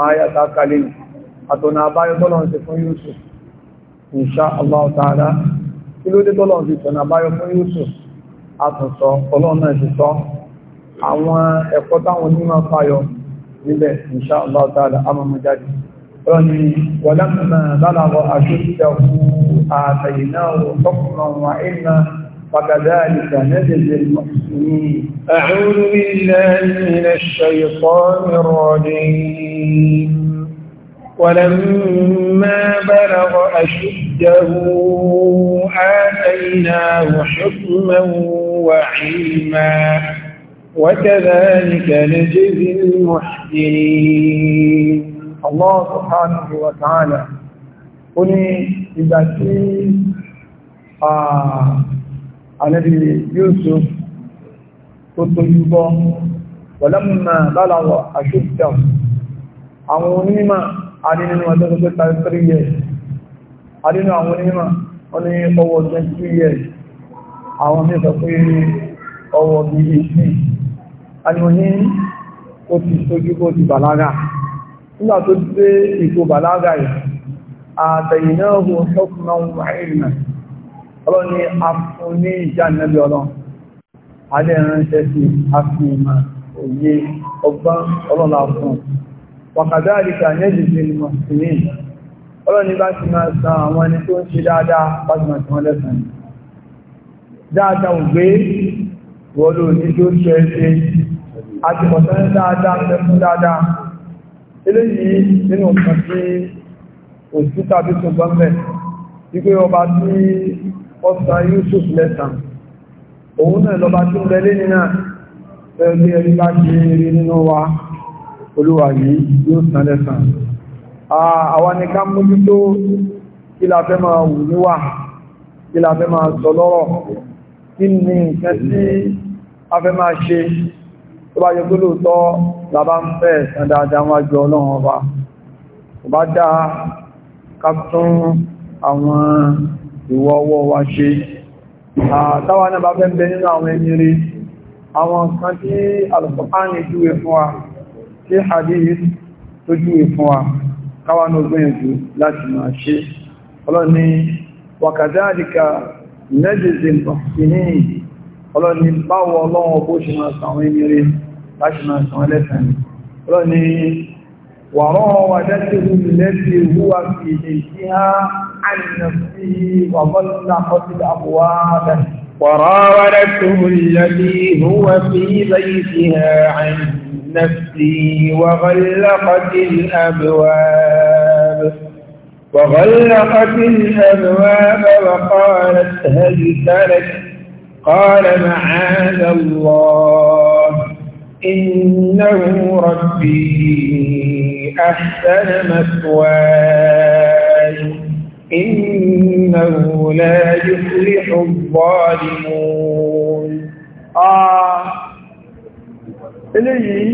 àwọn a kalẹ̀ àtọ̀nà àbáyọ tọ́lọ̀ ń Yusuf insha Allah ta'ala kí ló dé tọ́lọ̀ ń fi tọ̀nà àbáyọ fún Yusuf àtúnsọ ọlọ́run náà ti وكذلك نجزي المحسنين أعوذ بالله من الشيطان الرجيم ولما بلغ أشده آتيناه حكما وعلما وكذلك نجزي المحسنين الله سبحانه وتعالى قل إذا كنت آه، ànábì Yusuf tó tójú bọ́ wọ̀lọ́mùnà lọ́lọ́wọ́ àṣùkùtà àwọn onímọ̀ adínínú ọjọ́ tó pẹ́ta 3 years adínú àwọn onímọ̀ wọ́n ní ọwọ́ 22 years àwọn mẹ́sọ̀ pé ọwọ́ bí i sí alìmọ̀ní ó ti tójú bó ti bàlágà nígbà tó dé ìkó bàlágà yìí àtẹ̀yìn náà ọlọ́run ni a fún ní ìjánilẹ́bí ọlọ́run adẹ́rìnṣẹ́ sí àfihàn òye ọgbọ́n ọlọ́la fún wàkàdá àríkà nẹ́jì sí ìmọ̀ sílé ni bá ti máa san àwọn ẹni tó ń ṣe dáadáa pàtàkì tí wọ́n lẹ́sàn dáadáa ò gbé wọ́lú ní tó ṣe ṣe àti ọ̀sán dáadáa tẹ́kún dáadáa eléyìí nínú kan tí òsítà tó ṣe gbọ́n bẹ̀ ọba tí ọ̀sán Yusuf lẹ́sàn òun náà lọba tí ń bẹ̀lé nínà ẹgbẹ́ ẹni bá ṣe eré nínú wa olúwa yìí yóò sàn lẹ́sàn àwọn nìkan mójútó kí la fẹ́ máa wù níwà kí la fẹ́ máa sọ lọ́rọ̀ kí ni nǹkan tí a fẹ́ máa ṣe tó bá yẹ tó lóòótọ́ làbá ń fẹ́ ẹ̀sán dáadáa wá jọ ọlọ́run ọba kò bá dáa ká àwọn ìwọ ọwọ́ wa ṣe àtàwà náà bá fẹ́ bẹ nínú àwọn ẹni rí àwọn kan tí alùpùpáàni júwe fún wa tí hadith tó júwe fún wa káwà náà gbìyànjú láti máa ṣe ọlọ́ni wàkàdáàdìkà nẹ́jẹ̀zẹ̀ ìní ọlọ́ni báwọ ọlọ́wọ́ عن نفسه وظن وغلقت الأبواب وراودته الذي هو في بيتها عن نفسه وغلقت الأبواب وغلقت الأبواب وقالت هل ترك قال معاذ الله إنه ربي أحسن مثواه إنه لا يفلح الظالمون eléyìí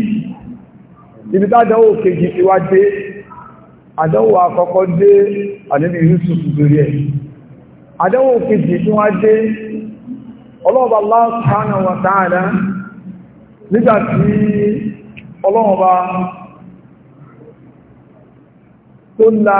ibi tádánwò kejì ti wá dé dé àníbi Yusuf lórí ẹ̀ kejì tí wá dé ọlọ́ọ̀bá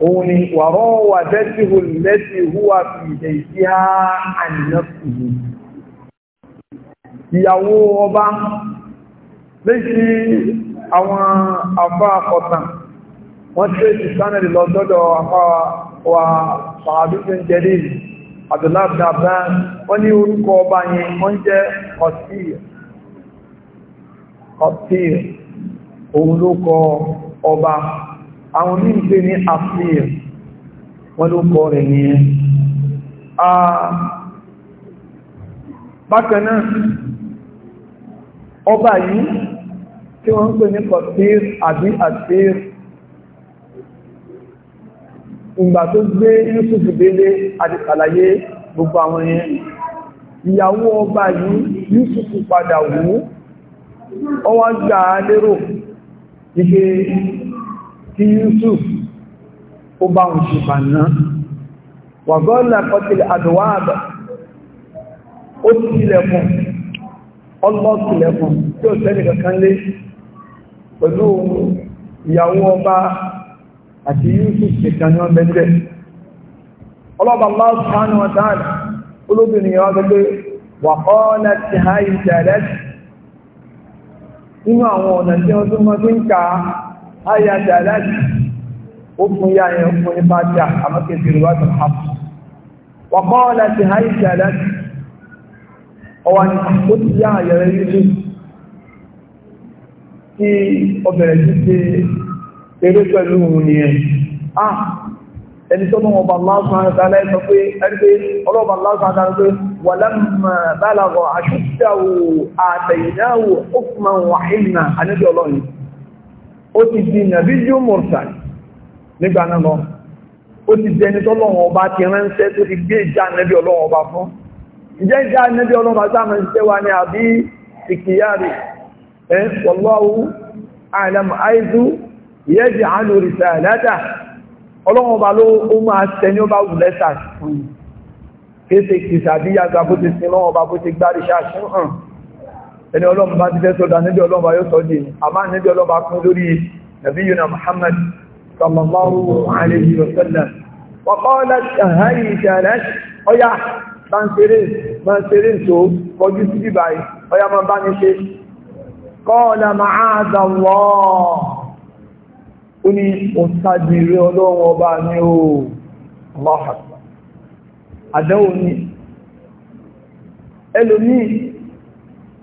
òun ni wàrọ̀ wà dẹ́tìhù lẹ́tì húwà fi ìyàwó ọba léṣi àwọn afá akọ̀tàn wọ́n tí lọ sọ́dọ̀ afá wa fàábíkún jẹ́lẹ̀ àdùláàbdàbá wọ́n ní ọba ọba àwọn ní ìgbé ní àfíì wọ́n ló kọ́ rẹ̀ ní ẹ́ bákan náà ọba yìí tí wọ́n ń pè ní kọ̀tír àbí àtír ìgbà tó gbé Yusuf délé àti àlàyé gbogbo àwọn yẹn ìyàwó ọba yìí Yusuf padà wú ọwá gbà á lérò ìgbé Ti Yusuf ó bá wọn ṣe bàná wàgọ́lá kọtílẹ̀ àdọ̀wàdà ó tilẹ̀kùn ọlọ́tilẹ̀kùn tí ó sẹ́ni kankan lé pẹ̀lú ìyàwó ọba àti Yusuf ní ọmọ ẹgbẹ́ ọlọ́ba olóbìnrin ti ha ìjẹ̀lẹ́ nínú àwọn ọ̀nà tí wọ́n tún mọ́ fi ń ayé àti aláàjì ó fún yá yẹn fún ní fàájà àmọ́kèsì rẹ̀ wá tó hàn. wàkọ́ láti ayé àti aláàjì ọwọ́ ni ó ti yá àyẹ̀rẹ̀ yíṣu tí ọbẹ̀rẹ̀ sí ṣe eré pẹ̀lú òun nìyẹn. ah ẹni tó mọ̀ ọba lásán àtàlẹ́ sọ pé ẹni pé ọlọ́ba lásán pé wà lẹ́mà bálàgọ̀ àṣùdáwò àtẹ̀yìnáwò ó fún ma wà ìnà ọlọ́run ó ti di nàbí yóò mọ̀ọ́sàlì nígbà náà lọ ó ti di ẹni tọ́lọ́wọ́n ọba ti ránṣẹ́ tó ti gbé ìjà nẹ́bí ọlọ́wọ́n ọba fún ìjẹ́ ìjà nẹ́bí ọlọ́wọ́n ọba sáà máa ń ṣiṣẹ́ wa ní àbí ìkìyàrí ẹ̀ wallahu a'lam àìsù ìyẹ́jì àánú rìsà ẹ̀lẹ́dà ọlọ́wọ́n ọba ló ó máa ṣẹ ní ọba wù lẹ́sà fún kéṣe kìsàbíyàgbà bó ti sin lọ́wọ́ ọba bó ti gbáríṣà fún hàn ẹni ọlọ́run bá ti fẹ́ sọ́dá níbi ọlọ́run bá yóò sọ́ di àmá níbi ọlọ́run bá kún lórí nàbíyùnà Muhammad sallallahu alayhi wa sallam wọ́kọ́ọ́lá ṣàhárì ìṣẹ̀rẹ́ ọya bá ń ṣeré bá ń ṣeré tó kọjú sí bíbá yìí ọya máa bá ní ṣe kọ́ọ̀lá ma'áza ẹlòmíì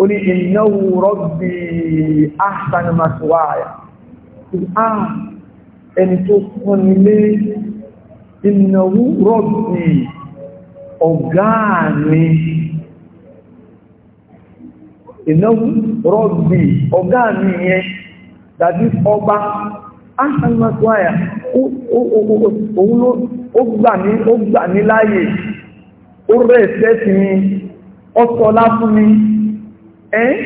ó ní innahu rabbi ahsana maswaya ah, ẹni tó fún mi lé innahu rabbi ọ̀gá mi innahu rabbi ọ̀gá mi yẹn dàbí ọba ahsana maswaya ó gbà ní ó gbà ní láàyè ó rẹ̀ ẹ̀sẹ̀ sí mi ó sọlá fún mi ẹ́n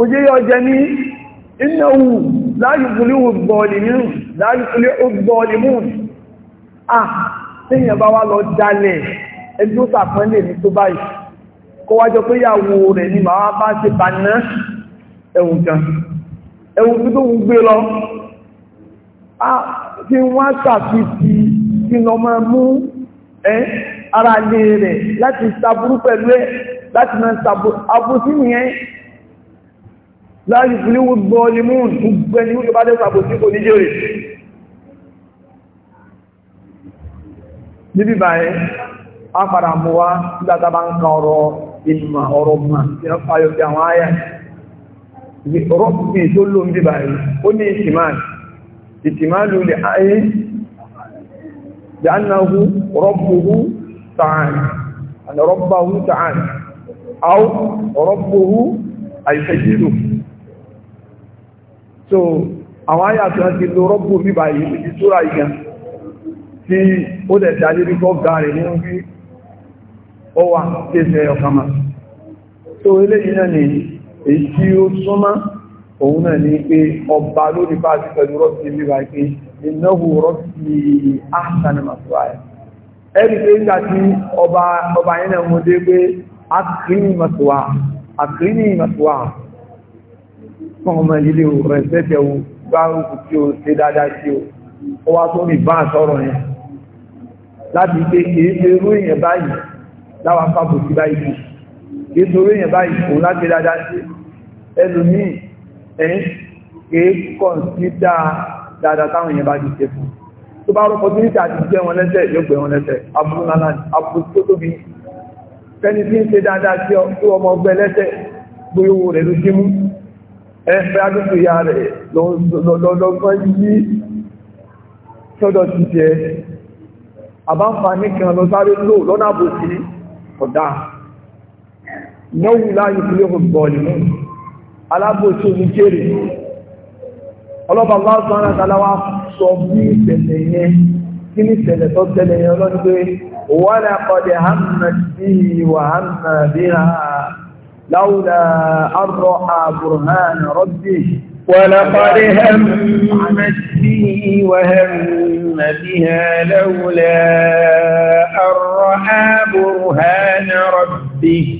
a jẹ́ yọ jẹ ní ináwó ah tí bá wá lọ jalẹ̀ ẹbí ó sàpẹ́lẹ̀ ní tó báyìí kó wájọ pé yàwó rẹ̀ ni màá bá ṣe bà ná ẹ̀wùn kan ẹ̀wùn tó gbé lọ kí wọ́n láti máa tàbí àbòsí nìyẹn láàrín fún níwò gbọ́ọ̀lì mún gbogbo ẹni wọ́n bá dẹ́ tàbòsí kò níjẹ́ rẹ̀ níbi báyẹ̀ a padà mú wá sígbàtà bá ń ka ọ̀rọ̀ ìmọ̀ ọ̀rọ̀ mà tí wọ́n fayọ̀ sí àwọn àyà rọ́pì tó ló ń bí báyìí ó ní ìtìmáàlì ìtìmáàlì lè ayé àwọn ọ̀rọ̀ gbòhú àìfẹ̀jìlò so àwọn ayà tí wọ́n ti lo rọ́gbò bíbà yìí ti túra ìgbà tí ó dẹ̀ dájú rí kọ́ gáàrí ní orí ó wà ọkàmà so eléyìí náà ni èyí tí ó súnmọ́ òun náà ni pé ọba lórí bá ti pẹ̀lú rọ́gbì bíbà pé ìnáwó rọ́gbì akíní masuwa akíní masuwa fún ọmọ ilé o rẹ̀ sẹ́jẹ̀ o gbárùkù tí o ṣe dáadáa sí o ó wá tó rí bá sọ̀rọ̀ yẹn láti pé kìí ṣe irú èèyàn báyìí láwọn fàbò sí báyìí kìí ṣe irú èèyàn báyìí kò láti dáadáa sí ẹlòmíì ẹ̀yìn kìí kọ̀ǹsídà dáadáa táwọn èèyàn bá ti ṣe fún tó bá rọ́pọ̀ tó ní ti àti jẹ́ wọn lẹ́sẹ̀ yóò gbé wọn lẹ́sẹ̀ abúrú náà fẹ́ni tí ń ṣe dáadáa sí tí ọmọ ọgbẹ́ lẹ́sẹ̀ gbóyówó rẹ̀ ló símú ẹgbẹ́ agbègbè ya rẹ̀ lọ́gbọ́n yí sọ́dọ̀ ti jẹ́ àbáǹfààní kan lọ sáré lò lọ́nà àbòsí ọ̀dá náwó ìpínlẹ̀ alábòsí bá sọ́nà sọ bí ìṣẹ̀lẹ̀ yẹn kí ìṣẹ̀lẹ̀ tó yẹn ọlọ́dún ولقد همت به وهم بها لولا أن رأى برهان ربه ولقد همت به وهم بها لولا أن رأى برهان ربه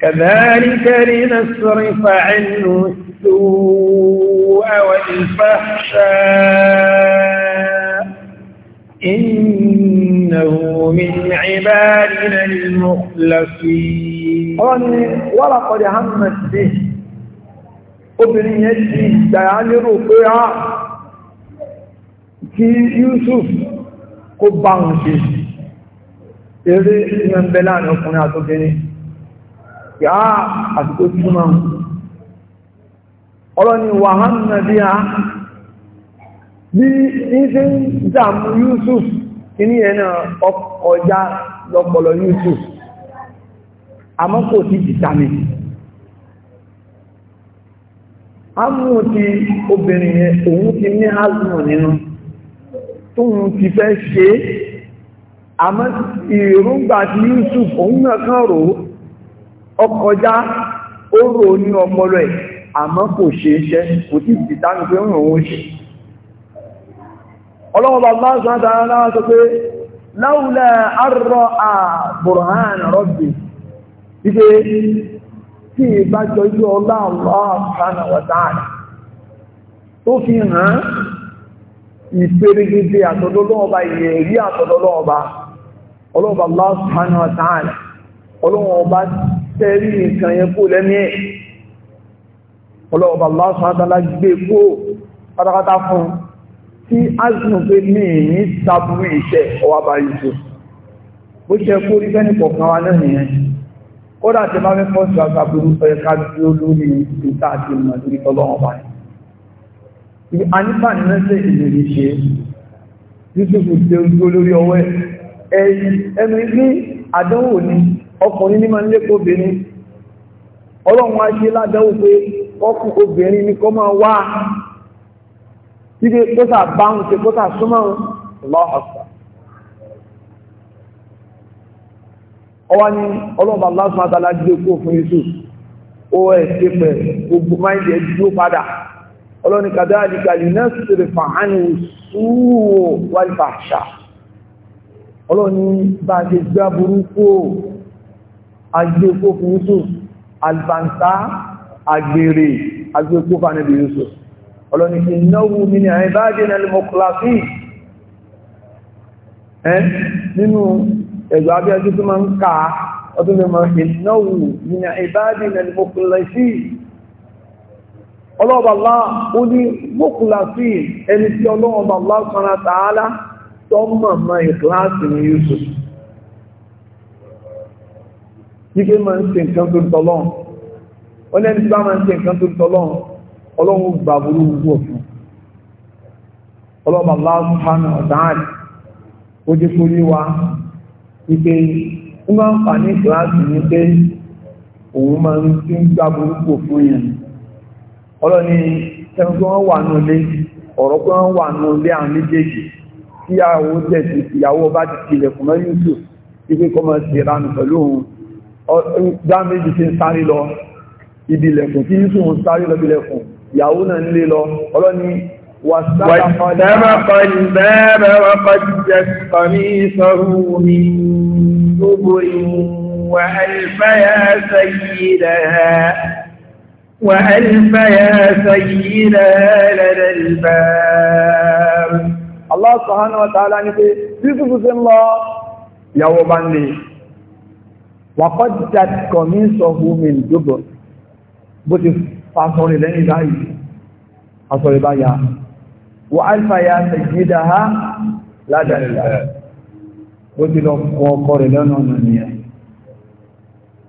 كذلك لنصرف عنه السوء والفحشاء إنه من عبادنا المخلصين ولا قد همت به obìnrin yẹn ti ìgbàyà lérò pé á ah, kí Yusuf kó bá ń ṣe eré ìmẹ́mbẹ́ láàrin ọkùnrin àtọ́gẹ́rin yà á àtìkò tí máa ń ọ̀rọ̀ ni wàhánà bí a bí ní ṣe ń dàmú Yusuf kíní ẹ̀nà ọjà lọ́pọ̀lọ̀ YouTube àmọ́ kò tí ìtàmì ámú ti obìnrin yẹn òun ti ní asmọ̀ nínú tóun ti fẹ́ ṣe àmọ́ ìrúgbà tí YouTube òun náà kàn rò ọkọjá ó rò ní ọpọlọ ẹ̀ àmọ́ kò ṣe iṣẹ́ kò tí ìtàmì pé òun òun ṣe ọlọ́wọ́ bá máa sọ àtàrà náà sọ pé láwùlẹ̀ àrọ̀ àbùrán rọ́bì wípé tí ìbá jọ ilé ọlá àwọ̀hánà wàtàrà tó fi hàn ìpèrègede àtọ̀dọ́lọ́ọba ìyẹ̀rí àtọ̀dọ́lọ́ọba ọlọ́ọba láwùhánà wàtàrà ọlọ́wọ́ba tẹ́rí nǹkan yẹn kó lẹ́mí ẹ̀ ọlọ́ọba láwùhánà wàtàrà gbé kó pátápátá fún un tí azùn pé ní ní sàbúrú iṣẹ́ ọwá bá yíso bó ṣe kó rí fẹ́ni kọ̀ọ̀kan wa náà nìyẹn kódà tí bá fẹ́ fọ́sù àgbàbúrú ẹ̀ka tí ó lórí ìta àti ìmọ̀ lórí tọ́lọ́wọ́n bá yìí anípa ní mẹ́sẹ̀ ìlérí ṣe yusufu tí ó dúró lórí ọwọ́ ẹ̀yìn ẹnu ilé àdánwò ni ọkùnrin ní máa ń lépa obìnrin ọlọ́run á ṣe ládánwò pé ọkùn obìnrin ni kọ́ máa wá títí tó sà bá ń ṣe kó sà súnmọ́ lọ́ọ̀ọ̀sà ọwá ní ọlọ́ọ̀bà lásán àtàlá gbé kó fún Yusuf ó ẹ̀ ṣe pẹ̀ gbogbo máìlì ẹ̀ dúró padà ọlọ́ni kàdá àdìkàlì náà sèrè fàánù súwò wálìfà àṣà ọlọ́ni bá ṣe gbá burúkú agbé kó fún Yusuf àlìbàǹtá àgbèrè agbé kó fún Yusuf ọlọ́ni ìnáwó mi ní àìbájẹ́ alìmọ̀kùlàfí ẹ́ nínú ẹ̀gbà abẹ́jú tó máa ń ká ọdún mẹ́mọ̀ ìnáwó mi ní àìbájẹ́ alìmọ̀kùlàfí ọlọ́ọ̀bàlá ó ní mọ́kùlàfí ẹni tí ọlọ́ọ̀bàlá kan tààlá tó mọ̀mọ̀ ìkláàsì ní Yusuf Jígbé máa ń ṣe nǹkan tó tọ́lọ́n. Ó lẹ́ni tí bá máa ń ṣe nǹkan tó tọ́lọ́n ọlọ́run gba burú gbogbo ọ̀fun ọlọ́run bàbá sùpánù ọ̀dáàdì ó jẹ́ sórí wa wípé ó máa ń fà ní kíláàsì ní pé òun máa ń tí ń gba burúkú fún yẹn ọlọ́ni ẹni tó wọ́n wà nù lé ọ̀rọ̀ pé wọ́n wà nù lé àwọn méjèèjì tí àwọn tẹ̀sí ìyàwó ọba ti tilẹ̀kùn mọ́ Yusuf wípé kọ́ máa ti ranù pẹ̀lú òun dá méjì ti ń sáré lọ ibi tí Yusuf ń sáré lọ bí ìyàwó náà ń lé lọ ọlọ́ni واستبق الباب وقدت قميصه من دبر وألف يا سيدها وألف يا سيدها لدى الباب الله سبحانه وتعالى نقول يوسف الله يا وبندي وقدت قميصه من دبر بوتي fásọrí lẹ́yìn báyìí fásọrí bá ya wọ alifaya tẹ̀jídà ha ládàrídà ó ti lọ kọ ọkọ rẹ̀ lọ́nà ọ̀nà nìyẹn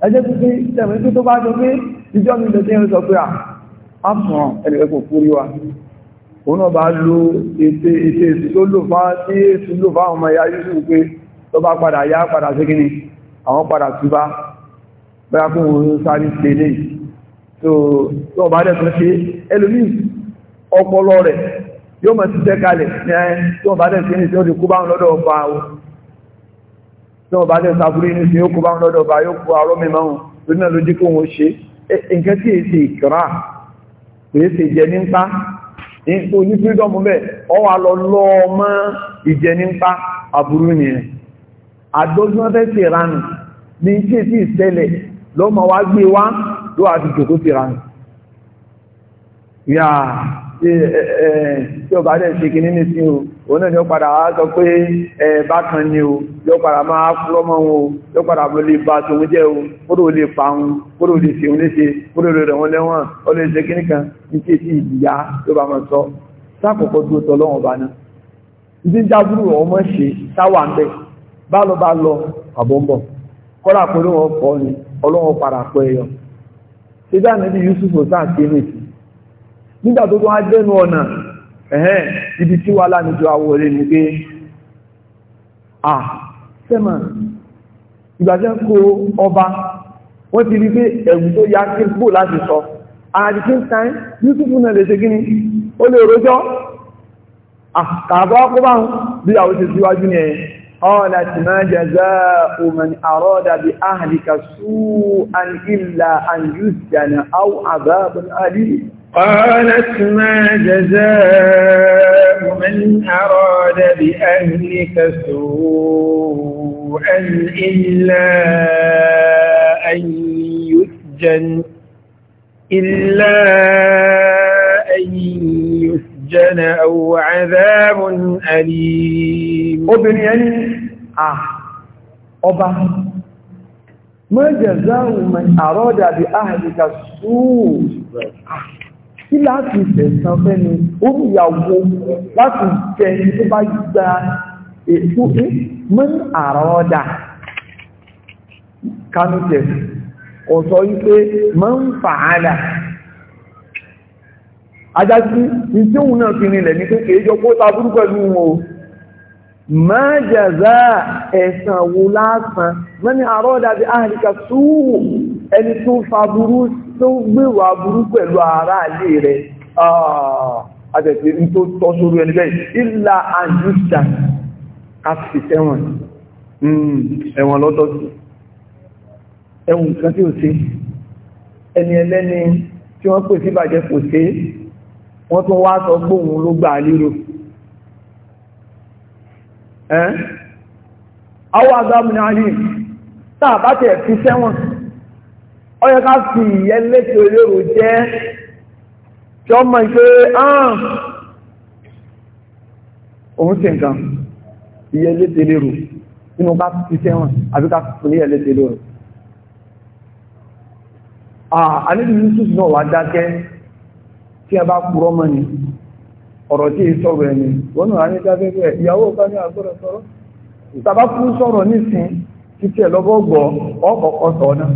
ẹjẹ́ tó fi tẹ̀wé tó bá jọ pé ìjọ́ mi lè tẹ́yìn sọ pé à á sàn ẹni ẹkùn fúrí wa òun náà bá lo ètè èsì tó lò fá sí èsì lò fá ọmọ ìyá yusuf pé tó bá padà yá padà sí kíni àwọn padà túbá bẹ́ẹ̀ kó wọn sáré tẹ́lẹ̀ yìí tó wọ́n bá dẹ̀tún ṣe ẹlòmí ọpọlọ rẹ̀ yóò mọ̀ sí tẹ́kalẹ̀ ní ẹ tí wọ́n bá dẹ̀tún ṣe ó di kú bá ń lọ́dọ̀ ọba o tí wọ́n bá dẹ̀tún sàbúrí ní ṣe ó kú bá ń lọ́dọ̀ ọba yóò kú arọ́ mímọ́ lórí náà ló jí kó wọ́n ṣe nǹkan tí èsì ìkìrà kìí ṣe ìjẹ nípa ipò ní fírídọ́mù bẹ́ẹ̀ ọ wà lọ lọ mọ́ ìjẹ nípa àbúrú nìyẹn àdójúmọ́fẹ́ sí ìranù ní ṣe sí ìṣẹ̀lẹ̀ lọ́mọ wá gbé wá ló wà ti jòkó sí ránì yà tí ọba dẹ̀ ṣe kì nínú sí o òun náà ni ó padà wá sọ pé ẹ bákan ni o yóò padà máa fúlọ́mọ́ o yóò padà bó lè bá tòun jẹ́ o kódò lè pa òun kódò lè ṣe òun léṣe kódò lè rẹ̀ wọ́n lẹ́wọ̀n ó lè ṣe kíní kan ní kí èsì ìdìyà tó bá máa sọ sákòókò tó tọ́ lọ́wọ́n bá náà ní jábúrú ọmọ ṣe sáwà ń bẹ̀ bá lọ bá lọ àbọ̀ǹbọ̀ kọ́lá pẹ̀lú ọkọ̀ ni ọlọ́wọ́ padà pẹ̀ yọ ṣe bí ànábì Yusuf sáà ṣe lè fi nígbà tó tó wá dẹnu ọ̀nà ẹ̀hẹ́n ibi tí wà lánìjọ àwọ̀rẹ́ ni pé à sẹ́mà ìgbàjẹ́ kó ọba wọ́n ti rí pé ẹ̀wù tó yá kí pò láti sọ àti kí n sáyẹ́ Yusuf náà lè ṣe gíní ó lè rojọ́ àkàbọ́ kó bá ń bí àwọn ti síwájú ni ẹ̀yìn قالت ما جزاء من أراد بأهلك سوءا إلا أن يسجن أو عذاب أليم قالت ما جزاء من أراد بأهلك سوءا إلا أن يسجن إلا jẹ́nà àwọ̀ àzẹ́rùn àrí obìnrin ẹni à ọba mẹ́jẹ̀zá àrọ́dà bí áhàríkà súù kí láti fẹ̀sán fẹ́ni oríyàwó láti jẹ́ tó bá gba ètò mẹ́n àrọ́dà kanúkẹ̀ ọ̀sọ́ wípé mẹ́n fàálà ajásí tí òun náà fi rinlẹ̀ ní pé kèéjọ kó taburú pẹ̀lú wọn o máa jẹ̀zá ẹ̀sàn wo lásán mẹ́ni àrọ́dà bí áhìríkà súwò ẹni tó faburú tó gbèrò aburú pẹ̀lú ara àlè rẹ̀ àtẹ̀sí ní tó tọ́ sórí ẹni bẹ́ẹ̀ ìlà àjúṣà káfí ẹ̀wọ̀n hmm, ẹ̀wọ̀n lọ́tọ̀ sí ẹ̀wọ̀n kan tí ò sí ẹni ẹlẹ́ni tí wọ́n pè sí bàjẹ́ kò sí wọ́n tún wá sọ gbóhun ló gbà lílò ẹ́n awọ́ agbámúni alì tàà bá tẹ̀ fi sẹ́wọ̀n ó ká fi ìyẹ́ lẹ́tọ̀ olóró jẹ́ tí ó mọ̀ ààrùn òun sì nǹkan ìyẹ́ lẹ́tọ̀ olóró nínú ká fi sẹ́wọ̀n àbí ká fi ìyẹ́ lẹ́tọ̀ tí a bá kúrọ mọ́ ni ọ̀rọ̀ tí ìsọ̀rọ̀ ẹni wọ́n náà ní dáfẹ́fẹ́ ìyàwó bá ní àgbọ́rọ̀ sọ̀rọ̀ ìtàbá fún sọ̀rọ̀ nísìn títí ẹ̀ lọ́gọ́gbọ̀ ọkọ̀ọ̀kọ̀ sọ náà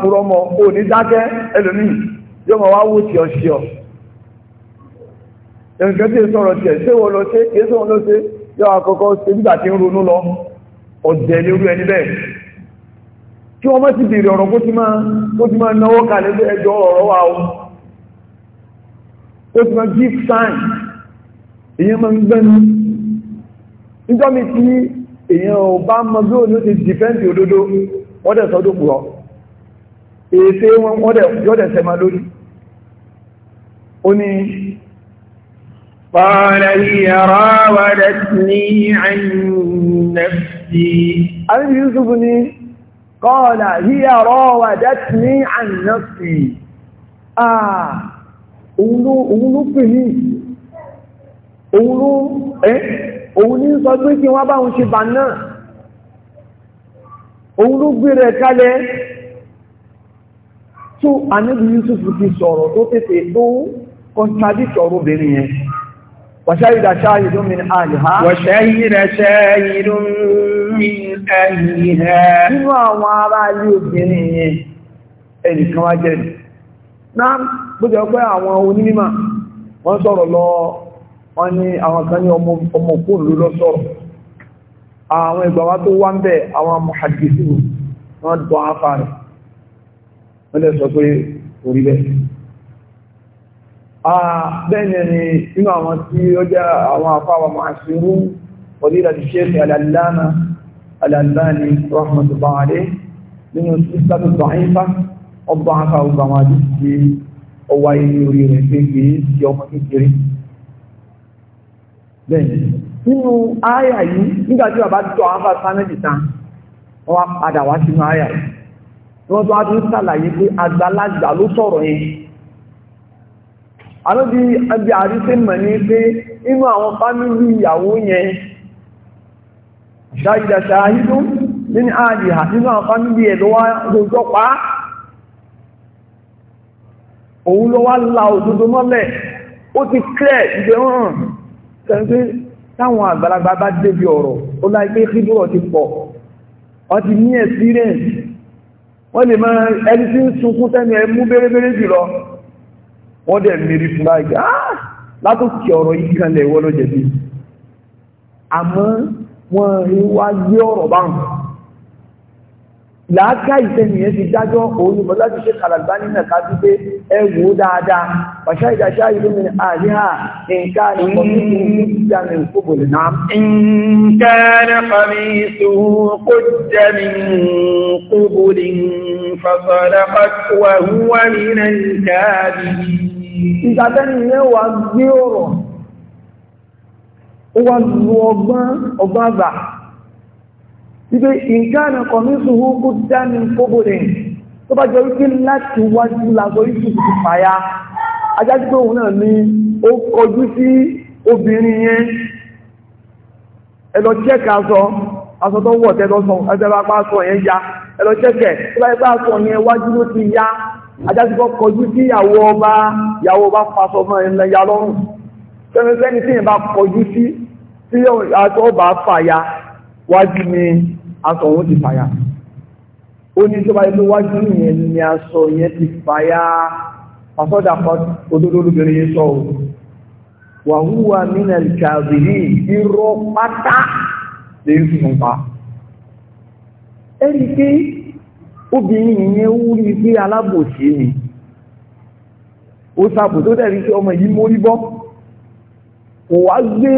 kúrọ hmm? mọ́ o ní dákẹ́ ẹlòmí yóò mọ̀ wá wó tí ọ ṣe ọ ẹnìkan tí ìsọ̀rọ̀ tí ẹ̀ ṣé wọ́n lọ ṣe kìí sóhun ló ṣe yóò àkọ́kọ́ ṣe nígbà tí ń ronú lọ ọ̀dẹ̀ lérú ẹni bẹ́ẹ̀ kí wọ́n má ti bèèrè ọ̀rọ̀ kó ti máa náwó kalẹ̀ ẹjọ́ ọ̀rọ̀ wa o ó ti máa give time. èyàn máa ń gbẹ́nu nígbàmí tí èyàn ò bá mọ bí òní ó ti dìfẹ́ǹtì òdodo wọ́n dẹ̀ sọ́dọ̀ pùrọ̀ èéfé wọ́n dẹ̀ sẹ́mà lórí ó ní Fọ́lẹ̀ yàrá wà dẹ̀ ní àìyàn nẹ́fì. Àríbi Yusuf ni kọ́ọ̀lá híyà rọ́wà dátìní ànàfì àà òun ló pè ní òun ní sọ pé kí wọ́n bá ń ṣe bà náà òun ló gbé rẹ̀ kalẹ̀ tó àníbi Yusuf ti sọ̀rọ̀ tó tètè tó kọ́ntàdítọ̀rọ̀ وشهد شاهد من أهلها وشهد شاهد من أهلها nínú àwọn N'inu wá jẹ́ náà bó jẹ́ pé àwọn onímọ̀ wọ́n sọ̀rọ̀ lọ wọ́n ní àwọn kan ní ọmọkùn ló lọ sọ̀rọ̀ àwọn ìgbà tó wá ń bẹ̀ àwọn muhaddisi wọ́n dọ̀ afárẹ̀ wọ́n lè pé Ah, bẹ́ẹ̀ ni inú àwọn tí ó jẹ́ àwọn afáwà máa ṣe rú ọdílà ti ṣe fi alàlánà alàlání rahmatulahi nínú islamu tọ́hínfà ọba aka ọba wọn àti ti ọwá ilé orí rẹ̀ pé kì í sí ọmọ kékeré bẹ́ẹ̀ nínú àyà yìí nígbà tí bàbá tọ́ àwọn alóbi àbí àríṣẹ́ mọ̀ ní pé inú àwọn fámílì ìyàwó yẹn ṣáyídà ṣáyídú nínú àdìhà nínú àwọn fámílì ẹ̀ lọ́jọ́ pa òun ló wá la òdodo mọ́lẹ̀ ó ti kílẹ̀ ìgbẹ̀ hàn tẹ́lẹ̀ táwọn àgbàlagbà bá débi ọ̀rọ̀ ó láì wọ́n dẹ̀ mìírí fún láìgbà ah! látòkè ọ̀rọ̀ yìí kan lẹ̀ wọ́n lọ́jẹ̀ bí àmọ́ wọ́n rí wá gbé ọ̀rọ̀ bá ń láàká ìtẹ́nìyàn ti dájọ́ òun bọ̀ láti ṣe kàlàgbá nínú ẹ̀ka sí ìgbàtẹ́ni yẹn wà gbé ọ̀rọ̀ ó wá lu ọgbọ́n ọgbọ́n àgbà wípé ìǹkan ẹ̀kọ́ ní ṣùgbọ́n kó dání kóbòrè tó bá jọ wípé láti wájú làgbọ́ ìṣù ti fàyà ajájú pé òun náà ni ó kọjú sí obìnrin yẹn ẹlọ chẹ́kẹ̀ aṣọ aṣọ tó wọ̀ tẹ́lọ́sọ ẹgbẹ́ bá pàṣọ yẹn ya ẹlọ chẹ́kẹ̀ tó bá yẹ pàṣọ yẹn wájú ló ti ya ajásíkọ́ kọjú sí ìyàwó ọba ìyàwó ọba fásọ mọ́ ilẹ̀ ya lọ́rùn tẹ́lẹ̀sẹ́ni tí ìbá kọjú sí tí ọba fàyà wájú ni aṣọ òun ti fàyà ó ní tó ilé wájú yẹn ni aṣọ yẹn ti fàyà pàṣọ́dà òdodo olóbìnrin yẹn sọ wàhúwà nínà ìkàbìrì irọ́ pátá lè ń fi obìnrin yẹn ó rí pé alábòsí ni ó sàbò tó tẹ̀rí sí ọmọ yìí mórí bọ́ kò wá gbé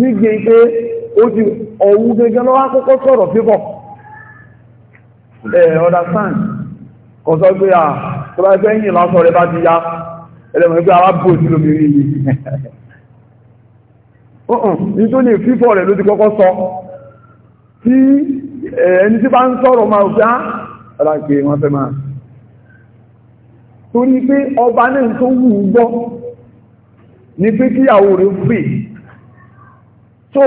nígbé pé ó ti ọ̀wú gẹ́gẹ́ lọ́wọ́ kọ́kọ́ sọ̀rọ̀ pípọ̀ ẹ̀ understand kò sọ pé à tó bá fẹ́ yìn lásọ̀ rẹ bá ti ya ẹlẹ́mọ̀ pé alábòsí lóbìnrin yìí uh-uh, nítorí fífọ̀ rẹ̀ ló ti kọ́kọ́ sọ tí ẹni tí bá ń sọ̀rọ̀ máa gbá aláàkè wọ́n fẹ́ máa torí pé ọba náà tó wù ú gbọ́ ní pé kíyàwó rẹ̀ pè tó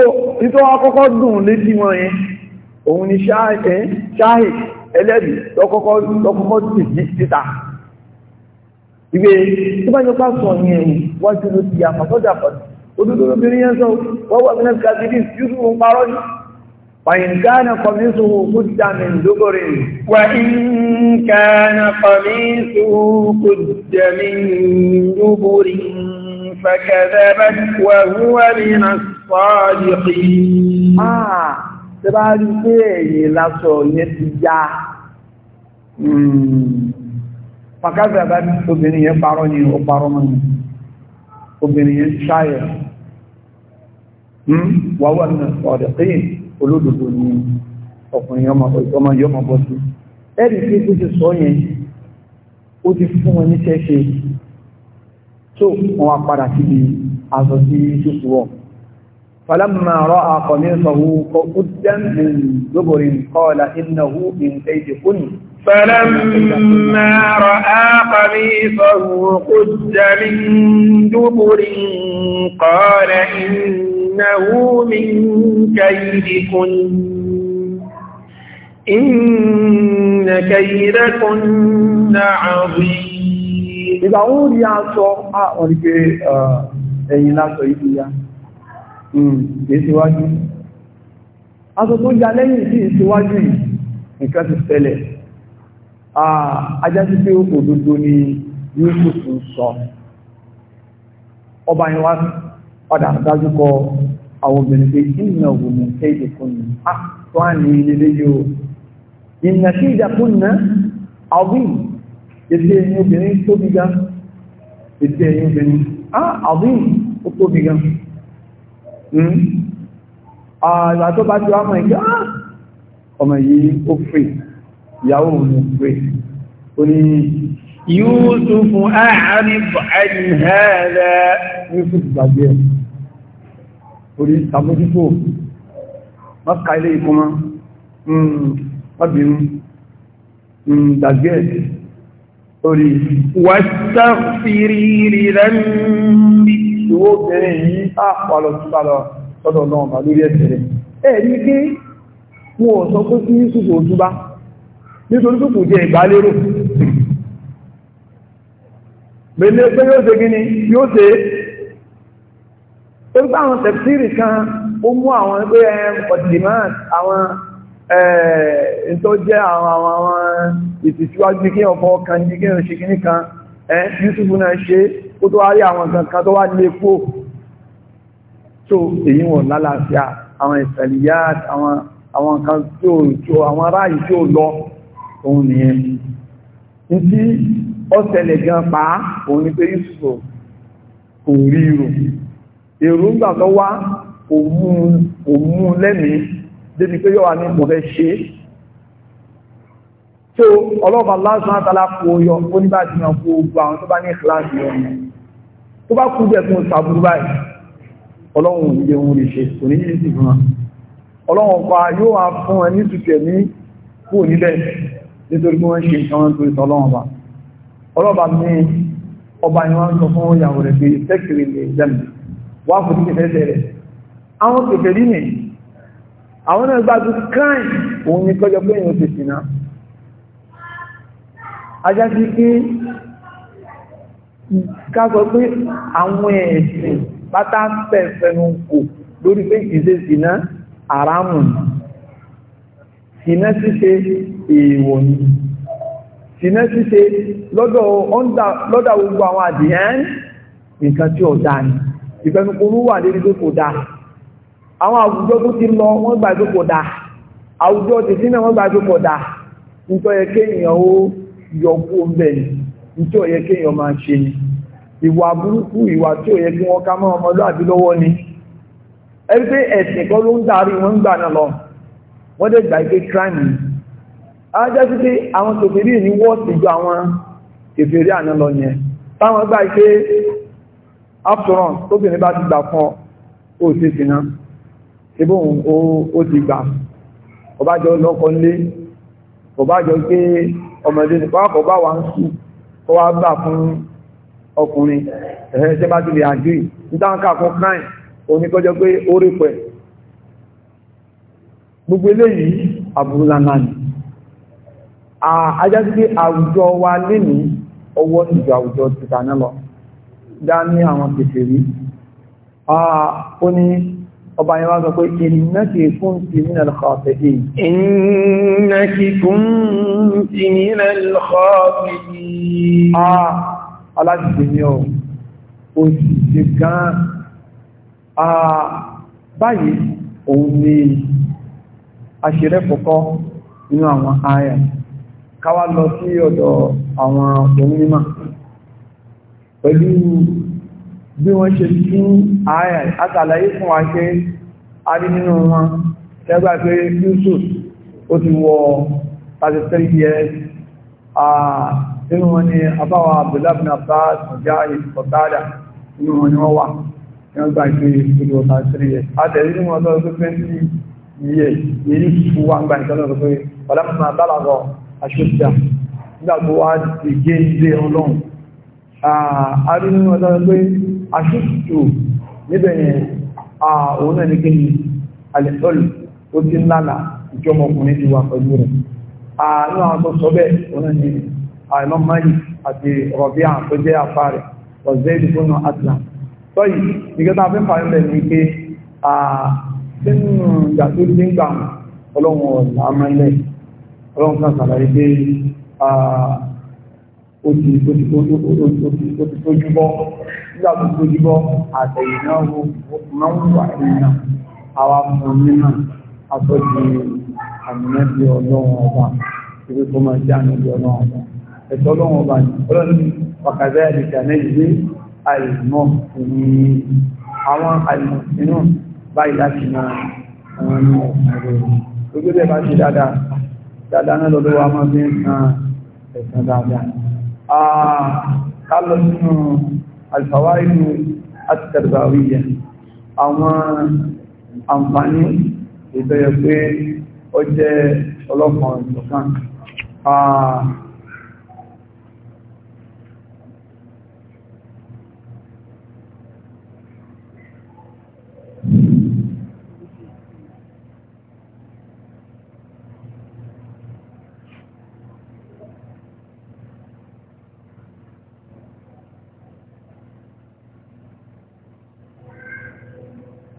ìtọ́ akọ́kọ́ dùn létí wọn yẹn òun ni ṣáàì ẹlẹ́bì lọ́kọ́kọ́ títà ìwé tí bá yọpá sọ yẹn wájú ló ti yà pàtọ́jà pàtó odúdó lóbìnrin yẹn sọ wọ́wọ́ وإن كان قميصه قد من دبر وإن كان قميصه قد من دبر فكذبت وهو من الصادقين آه تبعد لا لصو يتجا فكذبت obìnrin yẹn parọ́ ni ó وهو من الصادقين olódodo ni ọkùnrin ọmọ yọmọ bọ́ sí ẹ̀rí pé ó ti sọ yẹn ó ti fún wọn níṣẹ́ ṣe tó wọn wá padà síbi aṣọ sí ṣùkú wọn فلما رأى قميصه قد من دبر قال إنه من كيدكن فلما رأى قميصه قد من دبر قال إنه من كيدكن إن كيدكن عظيم إذا أولي أصو أولي ẹ̀yìn lásọ ìdí ya hmm, ìgbésíwájú aṣọ tó ya lẹ́yìn sí ìsíwájú yìí nǹkan ti ṣẹlẹ̀ ajá sí pé òdodo ni Yusuf sọ ọba yẹn padà dájú àwọn obìnrin pé iná òwòmù kéde kùnà á tó à ní ilé léyò ìnà kéde kùnà àwìn ètò ẹ̀yìn obìnrin tóbi gan ètò ẹ̀yìn obìnrin á àwìn ó tóbi gan hmm? àgbà tó bá jọ àmọ̀ ìgbà ọmọ yìí ó fèrè ìyàwó òun fèrè ó ní Yúúsùfù àárín àìhàlẹ̀ Yúúsùfù gbàgbé ẹ̀ orí sàmójútó wọ́n ká ilé ikú mọ́ ọbìnrin hmm, hmm, dàgbé orí wàtàfìrí rírẹ̀ ní ìwó obìnrin yìí àpàlọ̀ túbàlọ̀ sọ́dọ̀ náà bà lórí ẹ̀sẹ̀ rẹ̀ ẹ̀rí pé wọ́n sọ pé kí ní ṣùgbọ́n òtúbá nítorí pé kò jẹ ìgbàlérò Bẹ̀lẹ́ pé yóò ṣe gíní yóò ṣe torí pé àwọn tẹ̀síìrì kan ó mú àwọn pé ọ̀dìmáà àwọn tó jẹ́ àwọn àwọn ìtìsíwájú kí ọkọ̀ kan jí kí ọ̀ṣẹ́ kìíní kan ẹ́ Yúsùfù náà ṣe ó tó wá rí àwọn kankan tó wá lè kó tó èyí wọn lálàáfíà àwọn ìsẹ̀lìyà àwọn kan tí ó tó àwọn aráyìí tí ó lọ òun nìyẹn tí ó ṣẹlẹ̀ gan pàá òun ni pé Yúsùfù kò rí rò èròǹgbà tó wá òmú lẹ́mìí débi pé yọ́wà ní mo fẹ́ ṣe tó ọlọ́ọ̀bà lásán àtàlá kó yọ ó nígbà tí wọ́n kó gbogbo àwọn tó bá ní kíláàsì yọ tó bá kú jẹ́ fún sàbúrú báyìí ọlọ́run ìdíje òun lè ṣe kò ní yìí sì fún wa ọlọ́run pa yóò wá fún ẹ ní tùtẹ̀ ní kú níbẹ̀ nítorí ọba ọlọ́ba ọba yẹn sọ fún ìyàwó rẹ̀ pé tẹ́kìrì lè jẹ́mìí wá fún ní kẹfẹ́ tẹ́lẹ̀ àwọn kẹfẹ́ rí nìyí àwọn náà gbájú káìn òun ni kọjọ pé èèyàn ti sìnà ajá sí pé ká sọ pé àwọn ẹ̀sìn pátá pẹ̀fẹ̀nu kò lórí pé ìṣe sìnà àrámù sìnà ṣíṣe èèwọ̀ ni sìnà ṣíṣe lọ́dọ̀ gbogbo àwọn àdìyàn nǹkan tí ọ̀dá ni ìfẹ́nukúrú wà lérí tó kò dáa àwọn àwùjọ tó ti lọ wọ́n gbà pé kò dáa àwùjọ ti sínú wọ́n gbà kò dáa yẹ kéèyàn ó yọ kú ọbẹ̀ yẹ kéèyàn máa ṣe ni ìwà burúkú ìwà tí ò yẹ kí wọ́n ká ni ẹni pé ẹ̀sìn kan ló ń darí lọ wọ́n dẹ̀ gbà pé crime ni sí pé àwọn ní wọ́ọ̀sì ju àwọn àná after all tóbìnrin bá ti gbà fún ọ ó sì dìna ṣebó ó ti gbà ọbájọ lọ́kọ nlé ọbájọ pé ọmọdé ní pàápọ̀ bá wà ń sùn kó wá gbà fún ọkùnrin ẹ̀hẹ́ tẹ́ bá ti lè àjú ì nítàǹkà fún crime oníkọjọ pé ó rí pẹ̀ gbogbo eléyìí àbúrúlá náà ni ajá sí pé àwùjọ wa lè ní ọwọ́ ìjọ àwùjọ títà náà lọ dání àwọn kèfèrí ó ní ọba yẹn wá sọ pé ìnáki kún ti ní alkhọ́fẹ́ èyí ìnáki kún ti ní alkhọ́fẹ́ èyí alájìdì ní ọ̀ òṣìṣẹ́ gan báyìí òun ni aṣẹ́rẹ́ kọ́kọ́ inú àwọn ayà káwà lọ sí ọ̀dọ̀ àwọn òun mímọ̀ pẹ̀lú bí wọ́n ṣe tún ààyà àtàlàyé fún wa ṣe adé nínú wọn tẹ́gbà pé Yusuf ó ti wọ 33 years nínú wọn ni àbáwà Abdullah bin Abbas ọjá ìfọ̀tádà nínú wọn ni wọ́n wà wọ́n gbà pé ìlú 33 years àtẹ̀lé nínú wọn lọ́wọ́ pé 20 years èyí fún wa gbà ìtọ́lọ́wọ́ pé ọ̀lá àárí nínú ọjọ́ pé aṣíṣù níbẹ̀ yẹn ah, òun náà ní kí ni alẹ́sọ́lù ó ti ń lánà ìjọmọ ọkùnrin ti wà pẹ̀lú rẹ̀ àánú ah, àwọn tó sọ bẹ́ẹ̀ òun náà ní àìmọ́ máyì àti rọ̀bíà tó jẹ́ afá rẹ̀ ọ̀zẹ́ ìdúgbónà atlan sọ́yì ìgbẹ́ta fẹ́ fà ń bẹ̀ ní pé ah, sínú ìgbà tó ti ń gbà ọlọ́run ọ̀là ọlọ́run kan sàlàyé pé ó ti ó ti ó ti tójú bọ́ nígbà tó tójú bọ́ àtẹ̀yìn náà wo máa ń wà ẹ̀yìn náà àwa fún mi náà asọ́jú àmìnẹ́bí ọlọ́run ọba ìwé tó máa jẹ́ àmìnẹ́bí ọlọ́run ọba ẹ̀tọ́ ọlọ́run ọba ni ọlọ́run pàkàzẹ́ àdìgbà náà ìwé àìmọ́ ní àwọn àìmọ̀ inú báyìí láti máa àwọn ọmọ ọ̀rọ̀ gbogbo bẹ́ẹ̀ bá ṣe dáadáa dáadáa náà lọ́dọ́ wa máa fi ń san ẹ̀san dáadáa kálọ̀ sínú alfawaidu àtìtàrbàwíyà àwọn àǹfààní ìtọ́yẹ pé ó jẹ́ ọlọ́pàá ìtọ̀kan Thank you.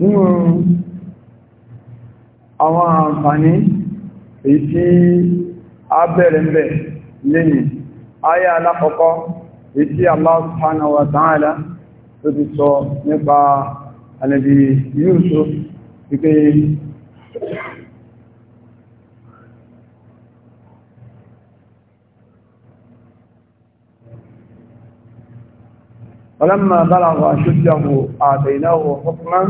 nínú àwọn àǹfààní èyí tí a bẹ̀rẹ̀ ń bẹ̀ lẹ́yìn ayé alákọ̀ọ́kọ́ èyí tí Allah subhanahu wa ta'ala tó ti sọ nípa Ànábì Yúsúf wípé ولما بلغ أشده آتيناه حكما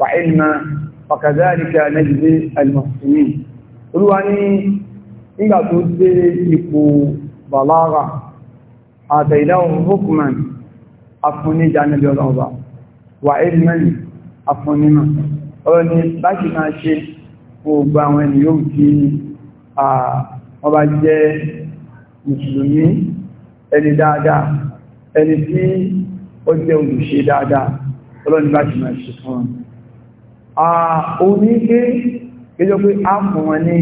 وعلما وكذلك نجزي المحسنين قلواني إذا تدرك بلاغة آتيناه حكما أفني جانب الله وعلما أفني ما أولي باكي ما شيء gbogbo àwọn ènìyàn tí wọ́n bá jẹ́ mùsùlùmí ẹni dáadáa ẹni tí ó jẹ́ olùṣe dáadáa ọlọ́ni ti máa ṣe fún ọmọ oníké kéjọ pé a fún wọn ní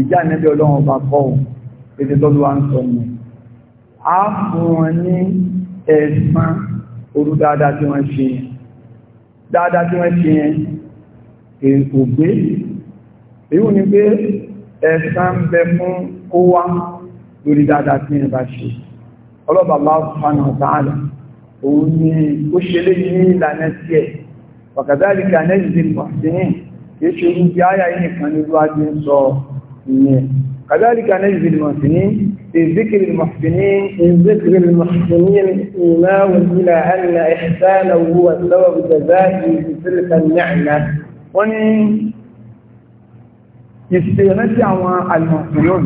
ìjà nẹ́bí ọlọ́run bá kọ́ ètò tọ́lú wa ń sọ mọ̀ a fún wọn ní ẹ̀san orú dáadáa tí wọ́n ṣe dáadáa tí wọ́n ṣe yẹn ògbé èyí ni pé ẹ̀san bẹ fún kó wá lórí dáadáa tí wọ́n bá ṣe ọlọ́bàbá fánà tààlà òun ni ó ṣe lé ní ìlànà tí وكذلك نجزي المحسنين يشهد في آية إنك من الواجب كذلك نجزي المحسنين في ذكر المحسنين في ذكر المحسنين إيماء إلى أن إحسانه هو سبب جزائه بتلك النعمة ومن ìṣẹ́rẹ́sí àwọn alìmọ̀sílọ́n